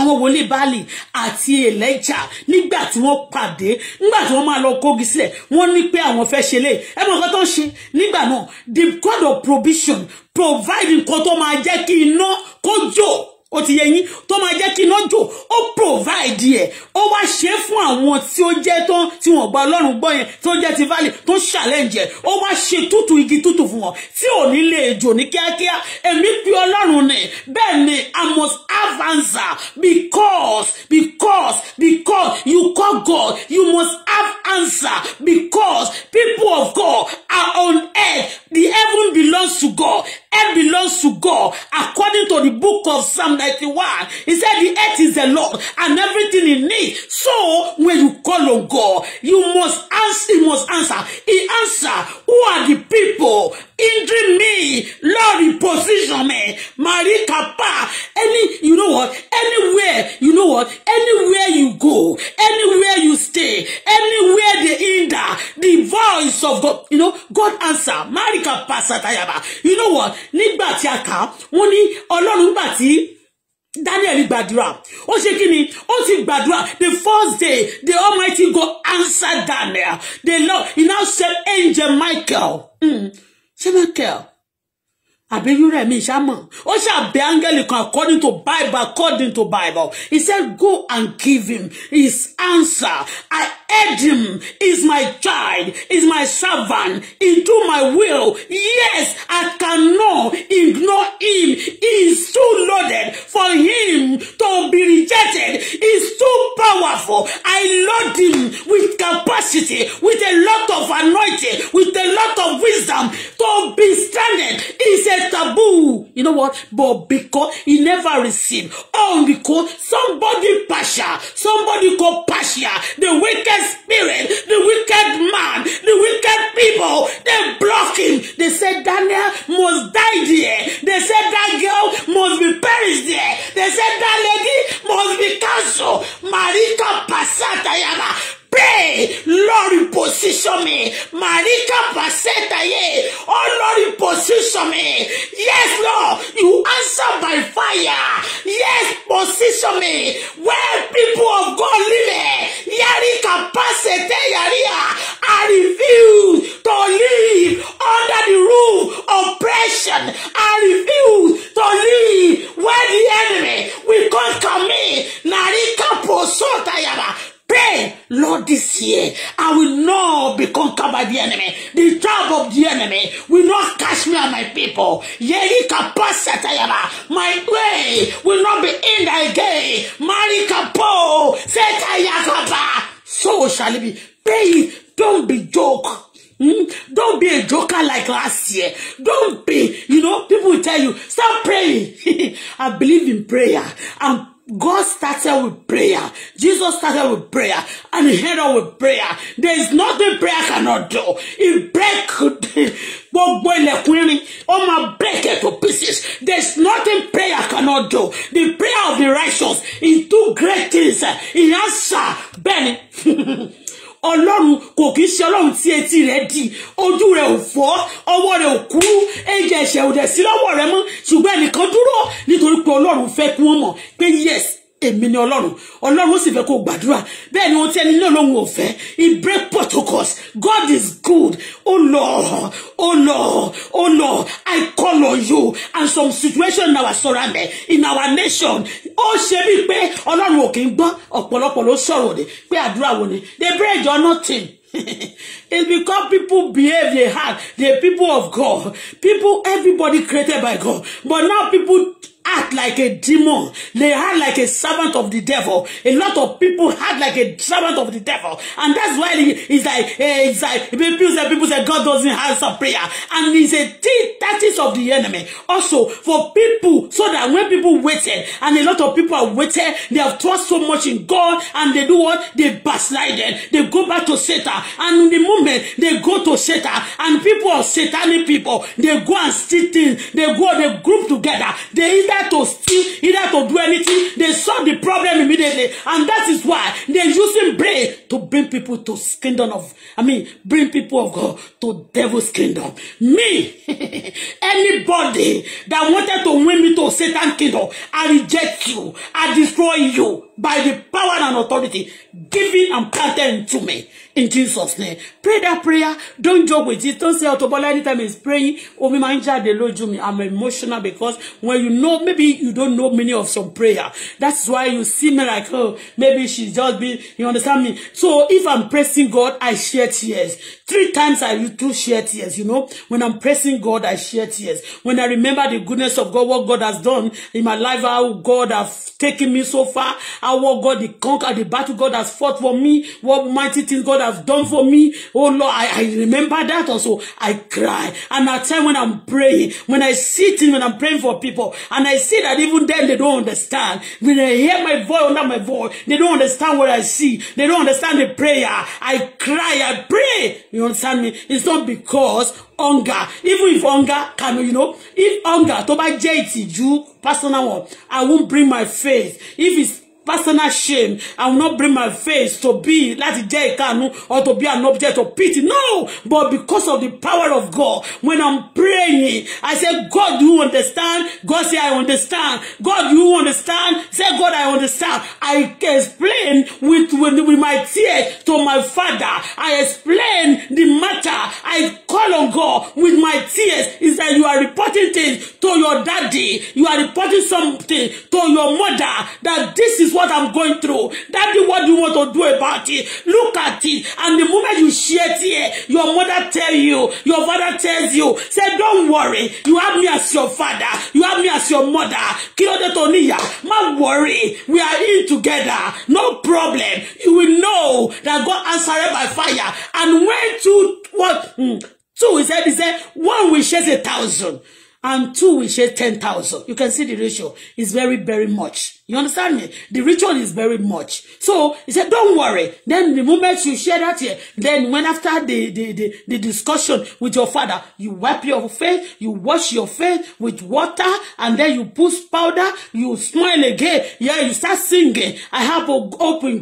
àwọn wòlíì báàlì àti Èlíjà nígbà tí wọ́n pàdé nígbà tí wọ́n máa lọ kógi sílẹ̀ wọ́n ní pé àwọn fẹ́ ṣe lé ẹ mọ̀ nǹkan tó ń ṣe nígbà náà the god of provision provide nǹkan tó máa jẹ́ kí iná kó jò ó ti yẹ yín tó máa jẹ́ kí iná jò provide ẹ̀ O wa ṣe é fún àwọn tí ó jẹ́ tó tí gba ọlọ́run gbọ́ yẹn tó jẹ́ ti valley To challenge ẹ̀ O wa ṣe tutu igi tutu fún wọn tí ò ni lè jò ní kíákíá èmi pe ọlọ́run ni bẹ́ẹ̀ ni I must have answer because because because you call God you must have answer because people of God are on earth the heaven belongs to God earth belongs to God according to the book of Psalm 91. He said the earth is the Lord and everything in it. So when you call on God, you must ask; he must answer. He answer, who are the people injury me, Lord, in position, me, Marie Kappa. Any, you know what? Anywhere, you know what? Anywhere you go, anywhere you stay, anywhere they hinder, the voice of God, you know, God answer. Marie Kappa Satayaba. You know what? Nígbà tí a kà, wọ́n ní Ọlọ́run gbà Daniel gbàdúrà ó ṣe kí ni ti gbàdúrà the first day the Almighty God answered Daniel the Lord he now sent angel Michael mm. Jamakel. àbí rírẹ̀ mi ìṣámọ̀ ó ṣàbẹ̀ áńgẹ́lì kan according to bible according to bible he said go and give him his answer i heard him he's my child he's my servant he do my will yes i cannot ignore him He is too loaded for him to be rejected He is too powerful i load him with capacity with a lot of anointing with a lot of wisdom to be stranded He said taboo. You know what? But because he never received. Oh, because somebody partial, somebody called partial, the wicked spirit, the wicked man, the wicked people, they block him. They said Daniel must die there. They said that girl must be perished there. They said that lady must be cancelled. Marika Pasatayama pray, Lord, position me. Marika ye. oh Lord, position me. Yes, Lord, you answer by fire. Yes, position me where people of God live. Yarika Pasetayaria, I refuse to live under the rule of oppression. I refuse to live where the enemy will conquer me. Narika yaba. Pray, Lord, this year. I will not be conquered by the enemy. The job of the enemy will not catch me and my people. My way will not be in thy gate. Marikapo, Setayakaba. So shall it be. Pray, don't be joke. Mm? Don't be a joker like last year. Don't be, you know, people will tell you, stop praying. I believe in prayer. I'm God started with prayer. Jesus started with prayer and he ended with prayer. There is nothing prayer cannot do. It break gbogbo ilẹ̀kùn irin. Ó máa break it to pieces. There is nothing prayer cannot do. The prayer of the righteous is too great things. He answer. Bẹ́ẹ̀ni. ọlọ́run kò kí í ṣe ọlọ́run tí etí rẹ̀ di ojú rẹ̀ ò fọ́ ọwọ́ rẹ̀ ò kú ẹ̀jẹ̀ ẹ̀ṣẹ̀ ò dẹ̀ sí lọ́wọ́ rẹ̀ mọ́ ṣùgbọ́n ẹnìkan dúró nítorí pé ọlọ́run fẹ́ kí wọ́n mọ̀ pé yes èmi ni ọlọ́run ọlọ́run sì fẹ́ kó gbàdúrà bẹ́ẹ̀ ni ohun tí ẹni náà lóhun ò fẹ́ he break protocols God is good oh Lord oh Lord oh Lord I call on you and some situation in our surrounding in our nation ó ṣe bíi pé ọlọ́run ò kì í gbọ́ ọ̀pọ̀lọpọ̀ ló sọ̀rọ̀ ni pé àdúrà wo ni they pray jọ nothing. it's because people behave they hard The people of God people everybody created by God but now people act like a demon. They act like a servant of the devil. A lot of people act like a servant of the devil. And that's why it's like, it's eh, like, people say, people say God doesn't answer prayer. And he's a thing that is of the enemy. Also, for people, so that when people waited, and a lot of people are waited, they have trust so much in God, and they do what? They backslided. They go back to Satan. And in the moment, they go to Satan. And people are satanic people. They go and steal things. They go, they group together. They either to steal, either to do anything. They solve the problem immediately. And that is why they're using brain to bring people to kingdom of, I mean, bring people of God to devil's kingdom. Me, anybody that wanted to win me to Satan's kingdom, I reject you. I destroy you by the power and authority given and planted into me in Jesus name pray that prayer don't joke with it don't say Auto Bola anytime he's praying omi máa ń jáde lójú mi I'm emotional because when you know maybe you don't know many of some prayer that's why you see me like oh maybe she just be you understand me so if I'm pressing God I shed tears Three times I do share tears, you know. When I'm praising God, I share tears. When I remember the goodness of God, what God has done in my life, how God has taken me so far, how what God the conquered the battle God has fought for me, what mighty things God has done for me. Oh Lord, I, I remember that also. I cry. And at time when I'm praying, when I sit in, when I'm praying for people, and I see that even then they don't understand. When I hear my voice under my voice, they don't understand what I see. They don't understand the prayer. I cry, I pray. You You understand me? It's not because hunger. Even if hunger can, you know, if hunger, to buy jẹ́ ìtìjú, personal one, I won't bring my faith. If it's personal shame i will not bring my face to be láti jẹ́ ìkànnú or to be an object of pity no but because of the power of god when i'm praying i say god you understand god say i understand god you understand say god i understand i explain with with, with my tears to my father i explain the matter i call on god with my tears is that you are reporting things to your daddy you are reporting something to your mother that this is what I'm going through. Daddy, what do you want to do about it? Look at it. And the moment you share tear, your mother tells you, your father tells you, say, don't worry. You have me as your father. You have me as your mother. Kí ló dé worry. We are in together. No problem. You will know that God answered by fire. And when two, what, hmm, two, he said, he said, one will share a thousand and two will share ten thousand. You can see the ratio is very, very much. You understand me? The ritual is very much. So he said, don't worry. Then the moment you share that here, then when after the, the, the, the discussion with your father, you wipe your face, you wash your face with water, and then you put powder, you smile again. Yeah, you start singing. I have a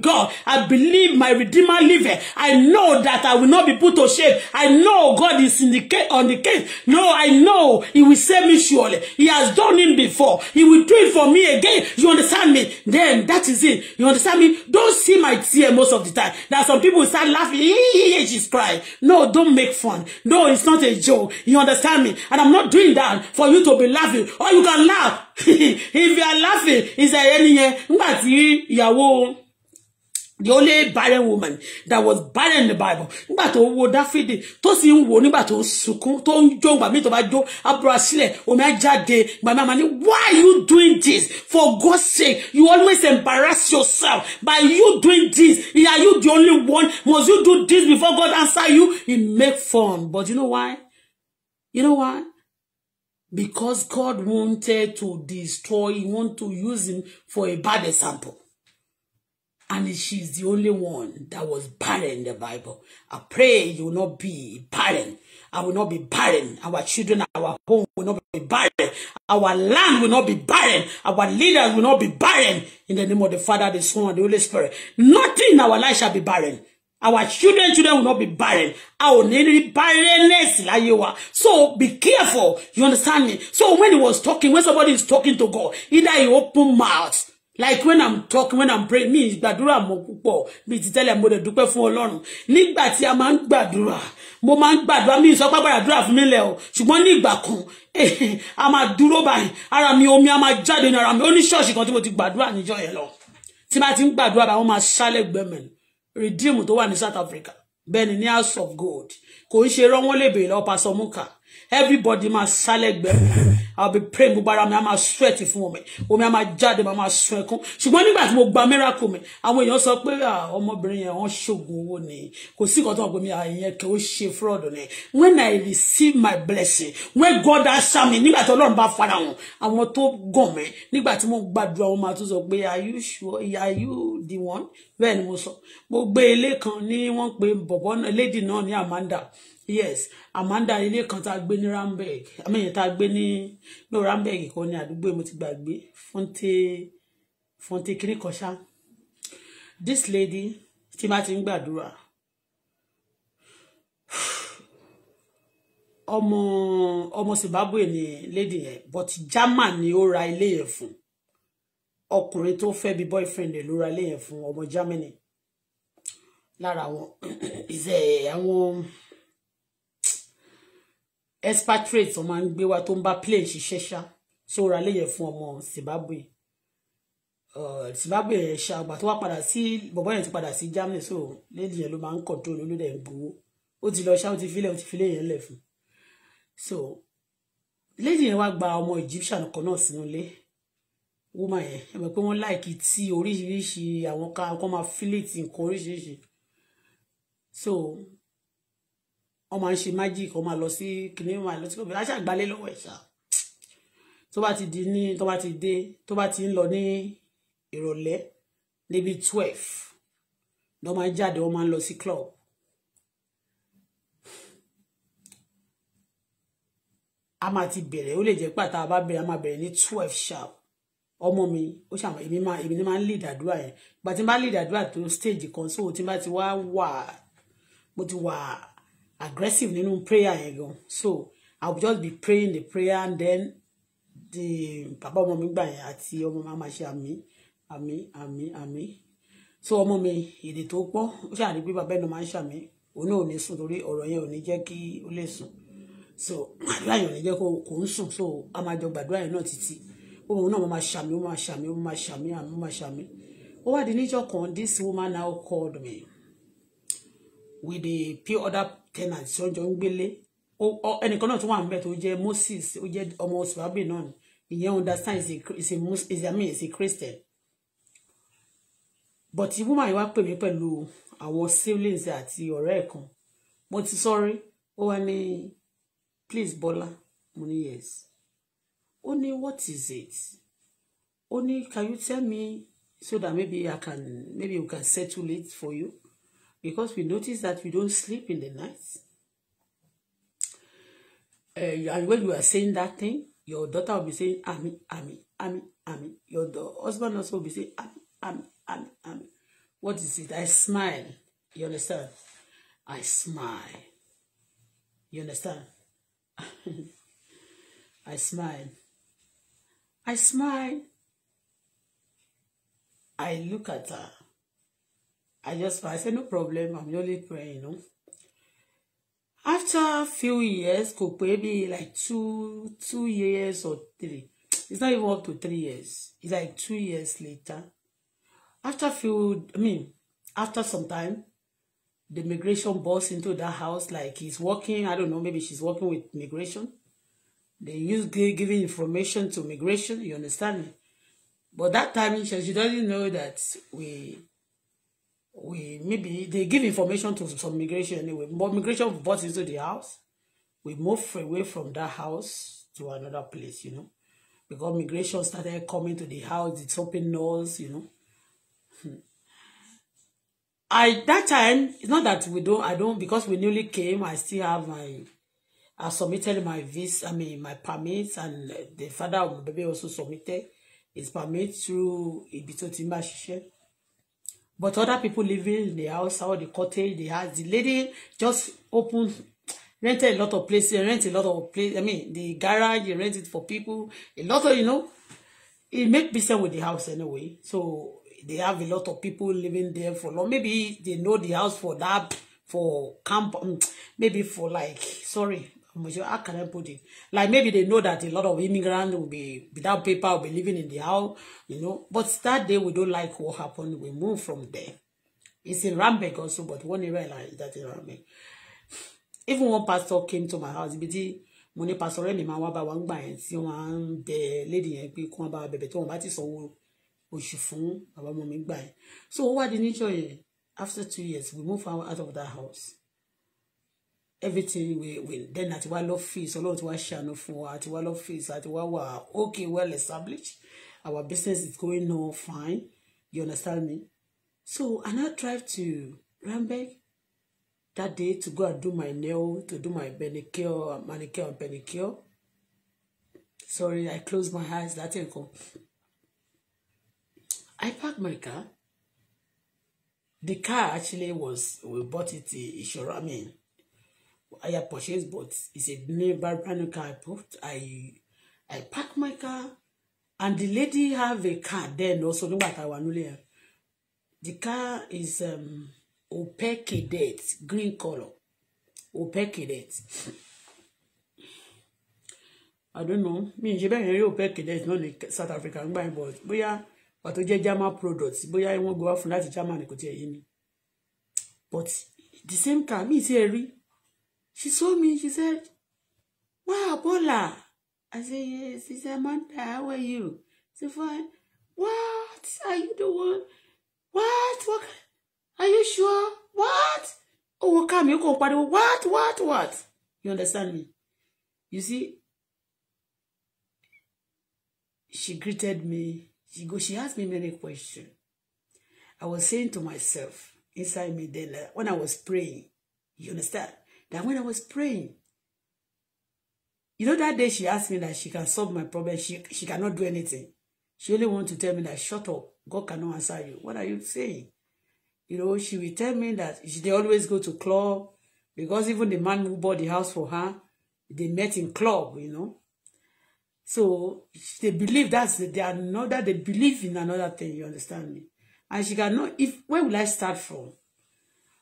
God. I believe my Redeemer liveth. I know that I will not be put to shame. I know God is in the on the case. No, I know He will save me surely. He has done it before. He will do it for me again. You understand? understand me then that is it you understand me don't see my tear most of the time Now some people start laughing hey, she's crying no don't make fun no it's not a joke you understand me and I'm not doing that for you to be laughing or you can laugh if you are laughing it's a ẹni you nígbà tí ìyàwó the only barren woman that was barren in the bible nígbà tó wo dáfídì tó sì ń wo nígbà tó ń sunkún tó ń jó gbàmí tó bá jó abúra sílẹ̀ omi á jáde gbàmí àmà ni why are you doing this for God's sake you always embarrass yourself by you doing this are you the only one must you do this before God answer you he make fun but you know why you know why because God wanted to destroy he want to use him for a bad example and she's the only one that was barren in the Bible. I pray you will not be barren. I will not be barren. Our children, our home will not be barren. Our land will not be barren. Our leaders will not be barren. In the name of the Father, the Son, and the Holy Spirit. Nothing in our life shall be barren. Our children, children will not be barren. Our need barrenness like you are. So be careful. You understand me? So when he was talking, when somebody is talking to God, either he open mouth like when i'm talking when i'm praying me gbàdúrà mọ́ púpọ̀ bí ti tẹ́lẹ̀ mo dẹ̀ dúpẹ́ fún ọlọ́run nígbà tí a máa ń gbàdúrà mo máa ń gbàdúrà mi sọ pé gbàdúrà fún mi lẹ̀ o ṣùgbọ́n ní ìgbà kan a máa dúró báyìí ara mi omi a máa jáde ní ara mi ó ní ṣọ́ọ̀ṣì kan tí mo ti gbàdúrà níjọ́ yẹn lọ tí bá ti ń gbàdúrà bá wọn máa ṣálẹ̀ redeem tó wà ní south africa bẹ́ẹ̀ ni house of gold Ko ń ṣe rán wọn lo bèèrè lọ́pàá everybody máa sálẹ̀gbẹ́ mi i'll be praying gbogbo ara mi a máa sweat fún omi omi a máa jáde màá máa sun ẹkún ṣùgbọ́n nígbà tí mo gba miracle mi àwọn èèyàn sọ pé ah, ọmọbìnrin yẹn wọ́n ṣoògùn owó ni kò sí nǹkan tó wọ́n pè mí àyẹn ah, kí ó ṣe fraud ni when i receive my blessing when god answer me nígbà tí ọlọ́run bá fara hàn àwọn tó gàn mí nígbà tí mo gbàdúrà wọn máa tún sọ pé are you sure are you the one bẹ́ẹ̀ ni mo sọ mo gbé ilé kan ní wọ́n pe bọ̀bọ́ lady náà ní amanda yes amanda ilé kan tá gbé ní ramberg amẹ́yẹn tá a gbé ní no ramberg kan ní àdúgbò mo ti gbàgbé fonte fonte kiri kan ṣá this lady tí má ti ń gbàdúrà ọmọ ọmọ zimbabwe ni lady yẹn but german ni ó ra ilé yẹn fún ọkùnrin tó fẹ́ bí boyfriend ẹ̀ ló ra ilé yẹn fún ọmọ germany lára eh, àwọn ìṣe àwọn expatriate tó máa ń gbé wa tó ń bá plane ṣiṣẹ́ ṣá ṣé ra léyẹ̀ fún ọmọ Zimbabwe Zimbabwe yẹn ṣá àgbà tó wá padà sí bọ̀bọ́ yẹn ti padà sí Germany so lady yẹn ló máa ń control olódẹ gbowó ó ti lọ ṣá ó ti filẹ̀ ó ti filẹ̀ yẹn lẹ̀ fún so lady yẹn wá gba ọmọ Egyptian kan náà sínú ilé woman yẹn ẹ mọ̀ pé wọ́n láìkì tí oríṣiríṣi àwọn kan máa fílẹ̀tì nǹkan oríṣiríṣi so wọ́n máa ń ṣe magic wọ́n máa lọ sí kìnìún máa lọ sí kòmìnira ṣàgbálẹ̀ lọ́wọ́ ẹ̀ ṣá tó bá ti di ní tó bá ti dé tó bá ti ń lọ ní ìrọ̀lẹ́ níbi twelve lọ́ máa jáde wọ́n máa ń lọ sí club. a máa ti bẹ̀rẹ̀ ó lè jẹ́ pàtà a bá bẹ̀rẹ̀ a máa bẹ̀rẹ̀ ní twelve sharp ọmọ mi ó ṣàmọ èmi máa èmi ni máa ń lè dàdúrà yẹn ìgbà tí n bá lè dàdúrà tó stage kan so tí n bá ti wá wà mo ti wà. Wa aggressive nínú prayer yẹn gan so i will just be praying the prayer and then the Papa, ọmọ mi gbà yẹn àti ọmọ mi máa ṣe àmì àmì àmì àmì so ọmọ mi èdè tó pọ̀ ó ṣàrí pé bàbá ẹnu máa ń ṣàmì òun náà ò ní sùn torí ọ̀rọ̀ yẹn ò ní jẹ́ kí ó lè sùn so àdúrà yẹn ò ní jẹ́ kó ń sùn so a máa jọ gbàdúrà yẹn náà títí òun náà máa ṣàmì ó máa ṣàmì ó máa ṣàmì àmì ó máa ṣàmì ó wá di níjọ́ kan this woman now called me with the pure other tenants tí wọ́n jọ ń gbélé ẹnìkan náà tún wà níbẹ̀ tó jẹ́ Moses ó jẹ́ ọmọ Zimbabwe náà ni ìyẹn understand is a is a is a mean is a Christian but woman yìí wá pè mí pẹ̀lú àwọn siblings àti ọ̀rẹ́ ẹ̀ kan mo ti sorry, ó wá ní please Bọ́lá mo ní yes ó ní what is it ó ní can you tell me so that maybe I can maybe we can settle it for you because we notice that we don't sleep in the night. Uh, and when you are saying that thing, your daughter will be saying, Ami, Ami, Ami, Ami. Your husband also will be saying, Ami, Ami, Ami, Ami. What is it? I smile. You understand? I smile. You understand? I smile. I smile. I look at her. I just I said no problem I'm only praying you know after few years kò pé bí like two two years or three it's not even up to three years it's like two years later after few I mean after some time the migration boss into that house like he's working I don't know maybe she's working with migration they use giving information to migration you understand me but that time she, she doesn't know that we we maybe they give information to some migration anyway. But migration bought into the house. We move away from that house to another place, you know. Because migration started coming to the house, it's open doors, you know. Hmm. I that time, it's not that we don't I don't because we newly came, I still have my I submitted my visa, I mean my permits, and uh, the father of my baby also submitted his permit through Ibito Timba Shishe. But other people living in the house or the cottage, they house, the lady just opened, rented a lot of places, rented a lot of places. I mean, the garage, he rented for people, a lot of, you know, he make business with the house anyway. So they have a lot of people living there for long. Maybe they know the house for that, for camp, maybe for like, sorry, majority, how can I put it? Like maybe they know that a lot of immigrants will be without paper, will be living in the house, you know. But that day we don't like what happened. We move from there. It's in Rambek also, but one area like that in Rambek. Even one pastor came to my house, BD, mo ní pastor Remi máa wá bá wa nígbà yẹn tí wọ́n á lady yẹn pé kí wọ́n bá wa bẹ̀bẹ̀ tí wọ́n bá ti sanwó oṣù fún bàbá So what did di níjọ́ after two years we move out of that house everything we we then àti wá lọ́fíìsì ọlọ́run ti wá ṣàánú fún wa àti wá lọ́fíìsì àti wá wà okay well established our business is going on fine you understand me so I now drive to Ramberg that day to go and do my nail to do my manicure manicure and pedicure sorry I close my eyes that thing nǹkan I park my car the car actually was we bought it in I mean higher purchased, but it's a brand car I put. I I park my car, and the lady have a car then also. No matter what, the car is um opaque cadet, green color, Opel cadet. I don't know. Mi ṣe bẹ́ẹ̀ rí opaque cadet not ní South Africa ń gbà yín but bóyá pàtó jẹ́ German product I won't go wá from that Germany kò tiẹ̀ yé mi but the same car mi ti ẹ̀ She saw me. She said, wow, Bola. I said, yes. She said, Amanda, how are you? She said, fine. What? Are you the one? What? What? Are you sure? What? Oh, come, you go, what, what, what? You understand me? You see, she greeted me. She go, she asked me many questions. I was saying to myself inside me then, when I was praying, you understand? that when I was praying, you know, that day she asked me that she can solve my problem. She, she cannot do anything. She only wants to tell me that, shut up. God cannot answer you. What are you saying? You know, she will tell me that she, they always go to club because even the man who bought the house for her, they met in club, you know. So they believe that's they are not that they believe in another thing, you understand me? And she cannot if where will I start from?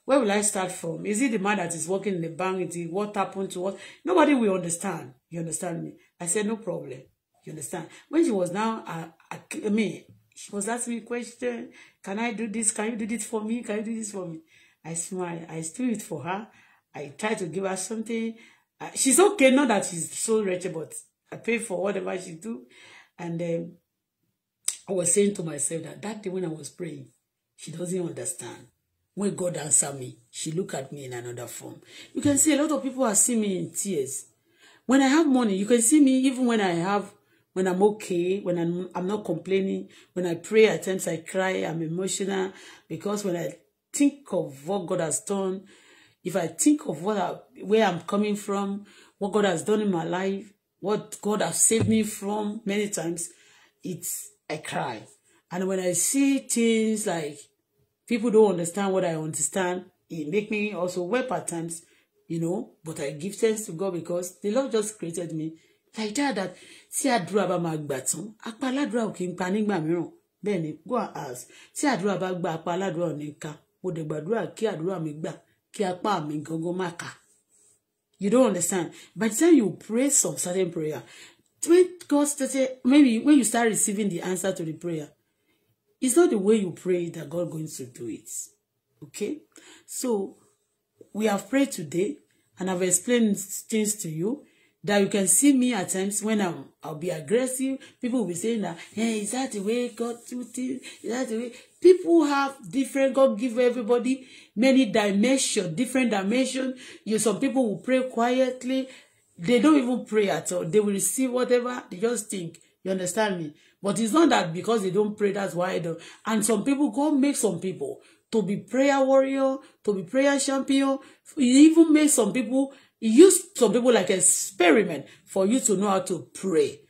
Where will I start from? Is it the man that is working in the bank? Is it what happened to us? Nobody will understand. You understand me? I said, no problem. You understand? When she was now, I, uh, I, I mean, she was asking me question. Can I do this? Can you do this for me? Can you do this for me? I smile. I do it for her. I try to give her something. Uh, she's okay, not that she's so rich, but I pay for whatever she do. And then um, I was saying to myself that that day when I was praying, she doesn't understand. when God answered me, she looked at me in another form. You can see a lot of people are seeing me in tears. When I have money, you can see me even when I have, when I'm okay, when I'm, I'm not complaining, when I pray, at times I cry, I'm emotional, because when I think of what God has done, if I think of what I, where I'm coming from, what God has done in my life, what God has saved me from many times, it's I cry. And when I see things like people don't understand what I understand. It make me also weep at times, you know, but I give thanks to God because the Lord just created me like that that tí àdúrà bá máa gbà tán apá aládùúrà ò kì í pa nígbà mìíràn bẹ́ẹ̀ go ask tí àdúrà bá gba apá aládùúrà ò ní ká mo dẹ̀ gbàdúrà kí àdúrà mi gbà kí apá mi gangan má you don't understand by the time you pray some certain prayer when God started maybe when you start receiving the answer to the prayer It's not the way you pray that God going to do it. Okay? So, we have prayed today and I've explained things to you that you can see me at times when I'm, I'll be aggressive. People will be saying that, hey, is that the way God do things? Is that the way? People have different, God give everybody many dimension, different dimension. You, some people will pray quietly. They don't even pray at all. They will receive whatever. They just think. You understand me? But it's not that because they don't pray, that's why they And some people, God make some people to be prayer warrior, to be prayer champion. He even make some people, he used some people like experiment for you to know how to pray.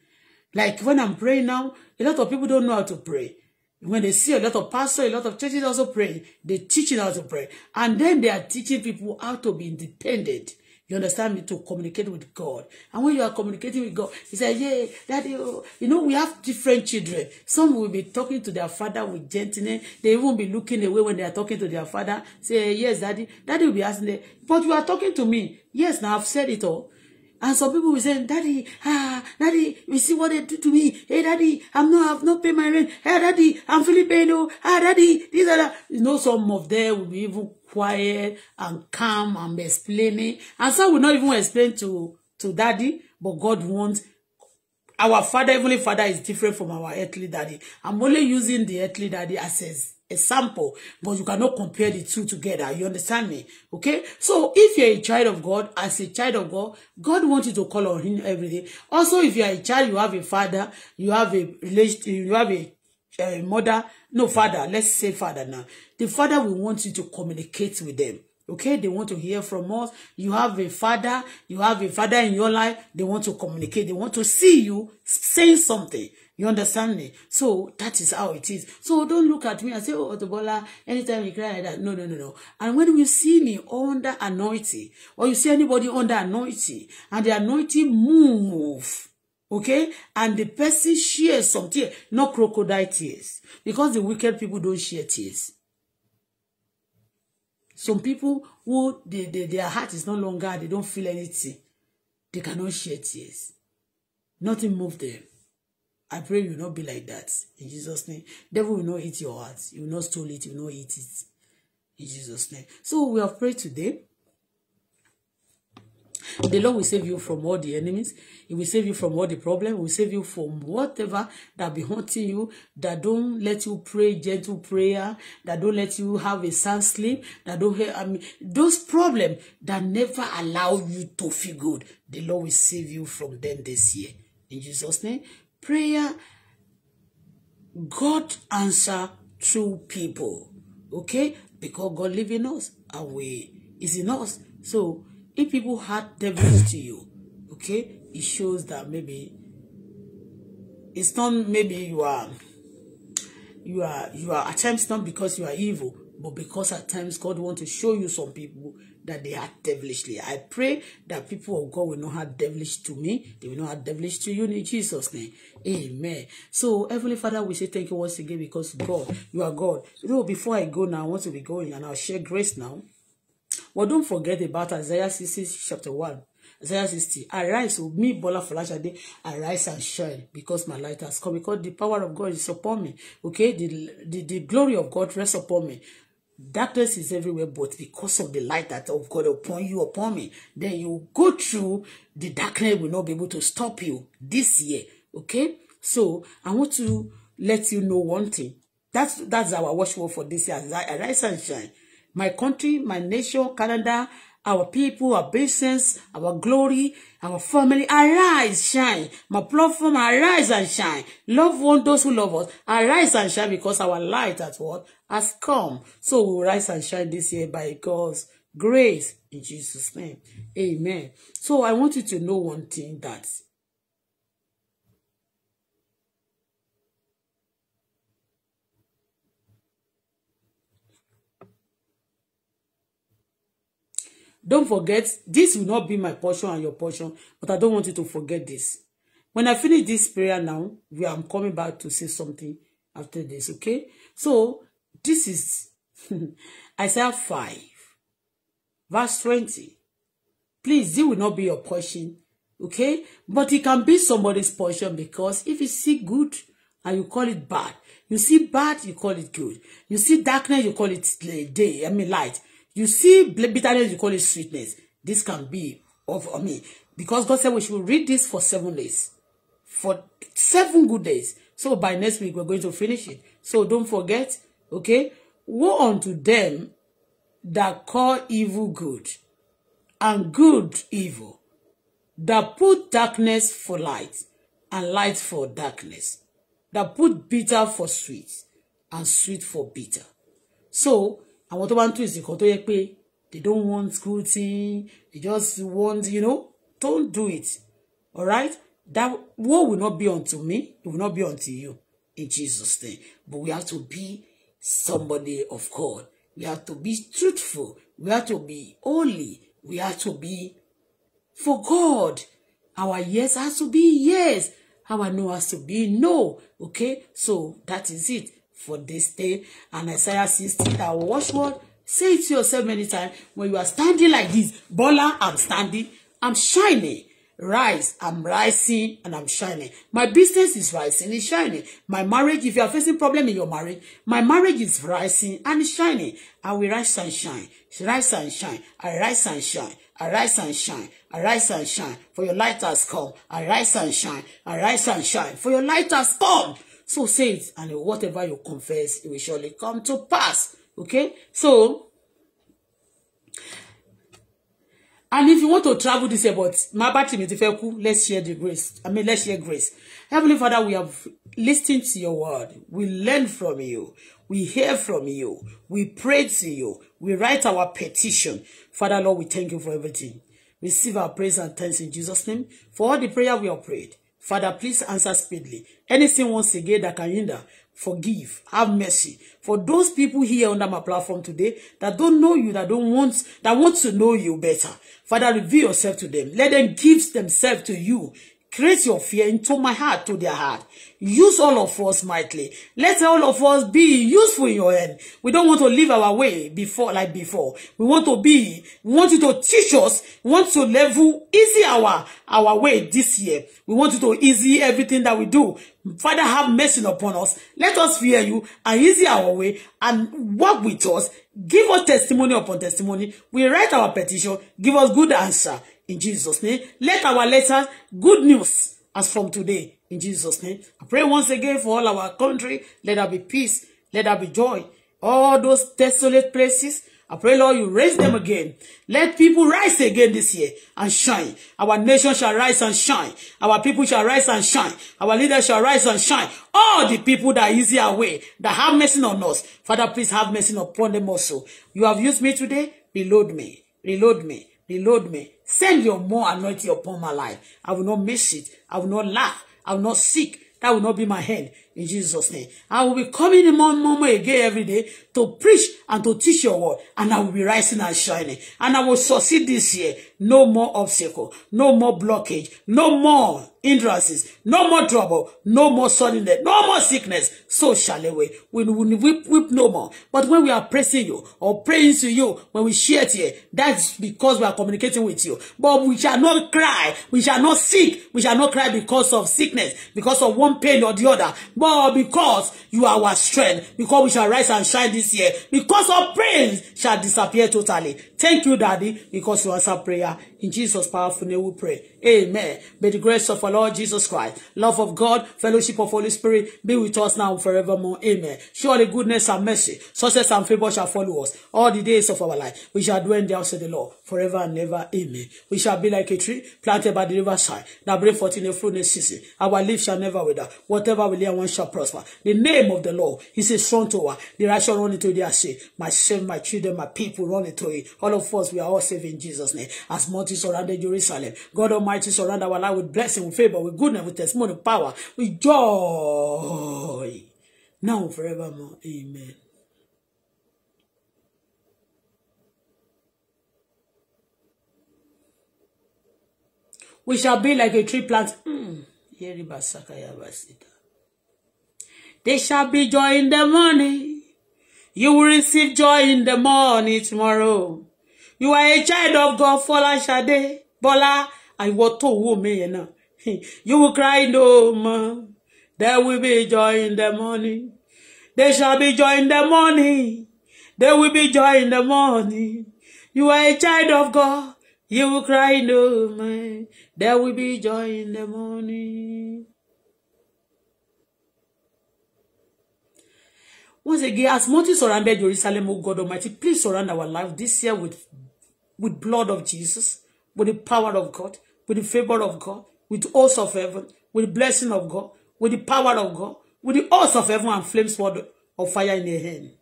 Like when I'm praying now, a lot of people don't know how to pray. When they see a lot of pastors, a lot of churches also praying, they teaching how to pray. And then they are teaching people how to be independent. You understand me to communicate with God. And when you are communicating with God, he said, Yeah, daddy, oh. you know, we have different children. Some will be talking to their father with gentleness. They won't be looking away when they are talking to their father. Say, Yes, daddy. Daddy will be asking them, But you are talking to me. Yes, now I've said it all. And some people will say, Daddy, ah, Daddy, we see what they do to me. Hey, Daddy, I'm not, I've not paid my rent. Hey, Daddy, I'm feeling pain. Oh, ah, Daddy, these are, you know, some of them will be even quiet and calm and explaining. And some will not even explain to, to daddy, but God wants our father, heavenly father is different from our earthly daddy. I'm only using the earthly daddy as a, a sample, but you cannot compare the two together. You understand me? Okay? So if you're a child of God, as a child of God, God wants you to call on him every day. Also, if you're a child, you have a father, you have a relation, you have a uh, mother, no father, let's say father now. The father will want you to communicate with them. Okay, they want to hear from us. You have a father, you have a father in your life, they want to communicate, they want to see you saying something. You understand me? So that is how it is. So don't look at me and say, Oh, Auto Bola, anytime you cry like that. No, no, no, no. And when you see me under anointing, or you see anybody under anointing, and the anointing move Okay? And the person shares some tears, not crocodile tears. Because the wicked people don't share tears. Some people who they, they, their heart is no longer, they don't feel anything. They cannot share tears. Nothing moves them. I pray you will not be like that. In Jesus' name. Devil will not eat your heart. You will not steal it. You will not eat it. In Jesus' name. So we have prayed today. The Lord will save you from all the enemies. He will save you from all the problems. He will save you from whatever that be haunting you, that don't let you pray gentle prayer, that don't let you have a sound sleep, that don't have, I mean, those problems that never allow you to feel good. The Lord will save you from them this year. In Jesus' name, prayer, God answer through people. Okay? Because God live in us and we is in us. So If people had devils to you, okay, it shows that maybe it's not maybe you are you are you are at times not because you are evil, but because at times God wants to show you some people that they are devilishly. I pray that people of God will not have devilish to me. They will not have devilish to you in Jesus' name. Amen. So, Heavenly Father, we say thank you once again because God, you are God. You know, before I go now, I want to be going and I'll share grace now. But don't forget about Isaiah 66 chapter 1. Isaiah 60. Arise, O me, Bola Folashade, arise and shine, because my light has come. Because the power of God is upon me. Okay, the, the, the glory of God rests upon me. Darkness is everywhere, but because of the light that of God upon you, upon me, then you go through the darkness will not be able to stop you this year. Okay, so I want to let you know one thing. That's that's our watchword for this year. Arise and shine my country, my nation, Canada, our people, our business, our glory, our family. Arise, shine. My platform, arise and shine. Love one those who love us. Arise and shine because our light at what has come. So we will rise and shine this year by God's grace in Jesus' name. Amen. So I want you to know one thing that Don't forget, this will not be my portion and your portion, but I don't want you to forget this. When I finish this prayer now, we are coming back to say something after this, okay? So, this is Isaiah 5, verse 20. Please, this will not be your portion, okay? But it can be somebody's portion because if you see good and you call it bad, you see bad, you call it good. You see darkness, you call it eh, day, I mean light. You see, bitterness, you call it sweetness. This can be of, me. Because God said we should read this for seven days. For seven good days. So by next week, we're going to finish it. So don't forget, okay? Woe unto them that call evil good and good evil, that put darkness for light and light for darkness, that put bitter for sweet and sweet for bitter. So àwọn tó bá ń tú ìsìnkàn tó yẹ pé they don't want school thing they just want you know don't do it all right? that war will not be unto me it will not be unto you in Jesus name but we have to be somebody of God we have to be truthful we have to be holy we have to be for God our yes has to be yes our no has to be no okay so that is it for this thing. And Isaiah 60, that watch watchword, say it to yourself many times. When you are standing like this, Bola, I'm standing, I'm shining. Rise, I'm rising and I'm shining. My business is rising, it's shining. My marriage, if you are facing problem in your marriage, my marriage is rising and it's shining. I will rise and shine, rise and shine, I rise and shine. Arise and shine, arise and shine, for your light has come. Arise and shine, arise and shine, for your light has come. So say it, and whatever you confess, it will surely come to pass. Okay? So, and if you want to travel this year, but my battery let's share the grace. I mean, let's share grace. Heavenly Father, we have listened to your word. We learn from you. We hear from you. We pray to you. We write our petition. Father, Lord, we thank you for everything. Receive our praise and thanks in Jesus' name for all the prayer we have prayed. Father, please answer speedily. Anything once again that can hinder, forgive, have mercy. For those people here under my platform today that don't know you, that don't want, that want to know you better, Father, reveal yourself to them. Let them give themselves to you Create your fear into my heart, to their heart. Use all of us mightily. Let all of us be useful in your hand. We don't want to live our way before like before. We want to be, we want you to teach us, we want to level easy our our way this year. We want you to easy everything that we do. Father, have mercy upon us. Let us fear you and easy our way and work with us. Give us testimony upon testimony. We write our petition. Give us good answer in Jesus' name. Let our letters, good news as from today in Jesus' name. I pray once again for all our country. Let there be peace. Let there be joy. All those desolate places, I pray, Lord, you raise them again. Let people rise again this year and shine. Our nation shall rise and shine. Our people shall rise and shine. Our leaders shall rise and shine. All the people that are easy away, that have mercy on us. Father, please have mercy upon them also. You have used me today. Reload me. Reload me. Reload me. Send your more anointing upon my life. I will not miss it. I will not laugh. I will not seek. That will not be my hand in Jesus' name. I will be coming more and more again every day to preach and to teach your word. And I will be rising and shining. And I will succeed this year. No more obstacle. No more blockage. No more hindrances. No more trouble. No more suddenness. No more sickness. So shall we. We will weep, weep no more. But when we are pressing you or praying to you, when we share it here, that's because we are communicating with you. But we shall not cry. We shall not seek. We shall not cry because of sickness, because of one pain or the other. But more because You are our strength because we shall rise and shine this year because our prayers shall disappear totally. Thank you, Daddy, because you answer prayer. In Jesus' powerful name we pray. Amen. May the grace of our Lord Jesus Christ, love of God, fellowship of Holy Spirit be with us now and forevermore. Amen. Surely goodness and mercy, success and favor shall follow us all the days of our life. We shall dwell in the house of the Lord forever and ever. Amen. We shall be like a tree planted by the riverside that bring forth in the fruit season. Our leaves shall never wither. Whatever we lay, on shall prosper. The name name of the Lord is a strong tower. The righteous run into their My son, my children, my people run into it. All of us, we are all saved in Jesus' name. As much as surrounded Jerusalem, God Almighty surround our life with blessing, with favor, with goodness, with testimony, power, with joy. Now forevermore. Amen. We shall be like a tree planted. Mm. There shall be joy in the morning. You will receive joy in the morning tomorrow. You are a child of God, Fola Shade, Bola, I want to woman. You will cry no more. There will be joy in the morning. There shall be joy in the morning. There will be joy in the morning. You are a child of God. You will cry no more. There will be joy in the morning. Once again, as Monty surrounded Jerusalem, O God Almighty, please surround our life this year with, with blood of Jesus, with the power of God, with the favor of God, with hosts of heaven, with the blessing of God, with the power of God, with the hosts of heaven and flames sword of fire in the hand,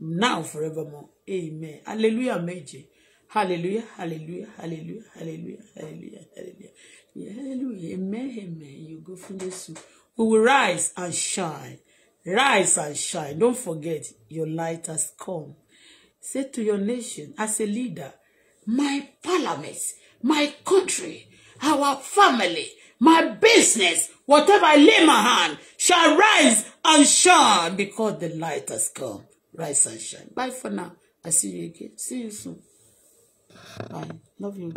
now forevermore. Amen. Hallelujah, méje. Hallelujah, hallelujah, hallelujah, hallelujah, hallelujah, hallelujah. Yeah, hallelujah. Amen, amen. You go for this. We will rise and shine. Rise and shine. Don't forget, your light has come. Say to your nation, as a leader, my parliament, my country, our family, my business, whatever I lay my hand, shall rise and shine because the light has come. Rise and shine. Bye for now. I see you again. See you soon. Bye. Love you.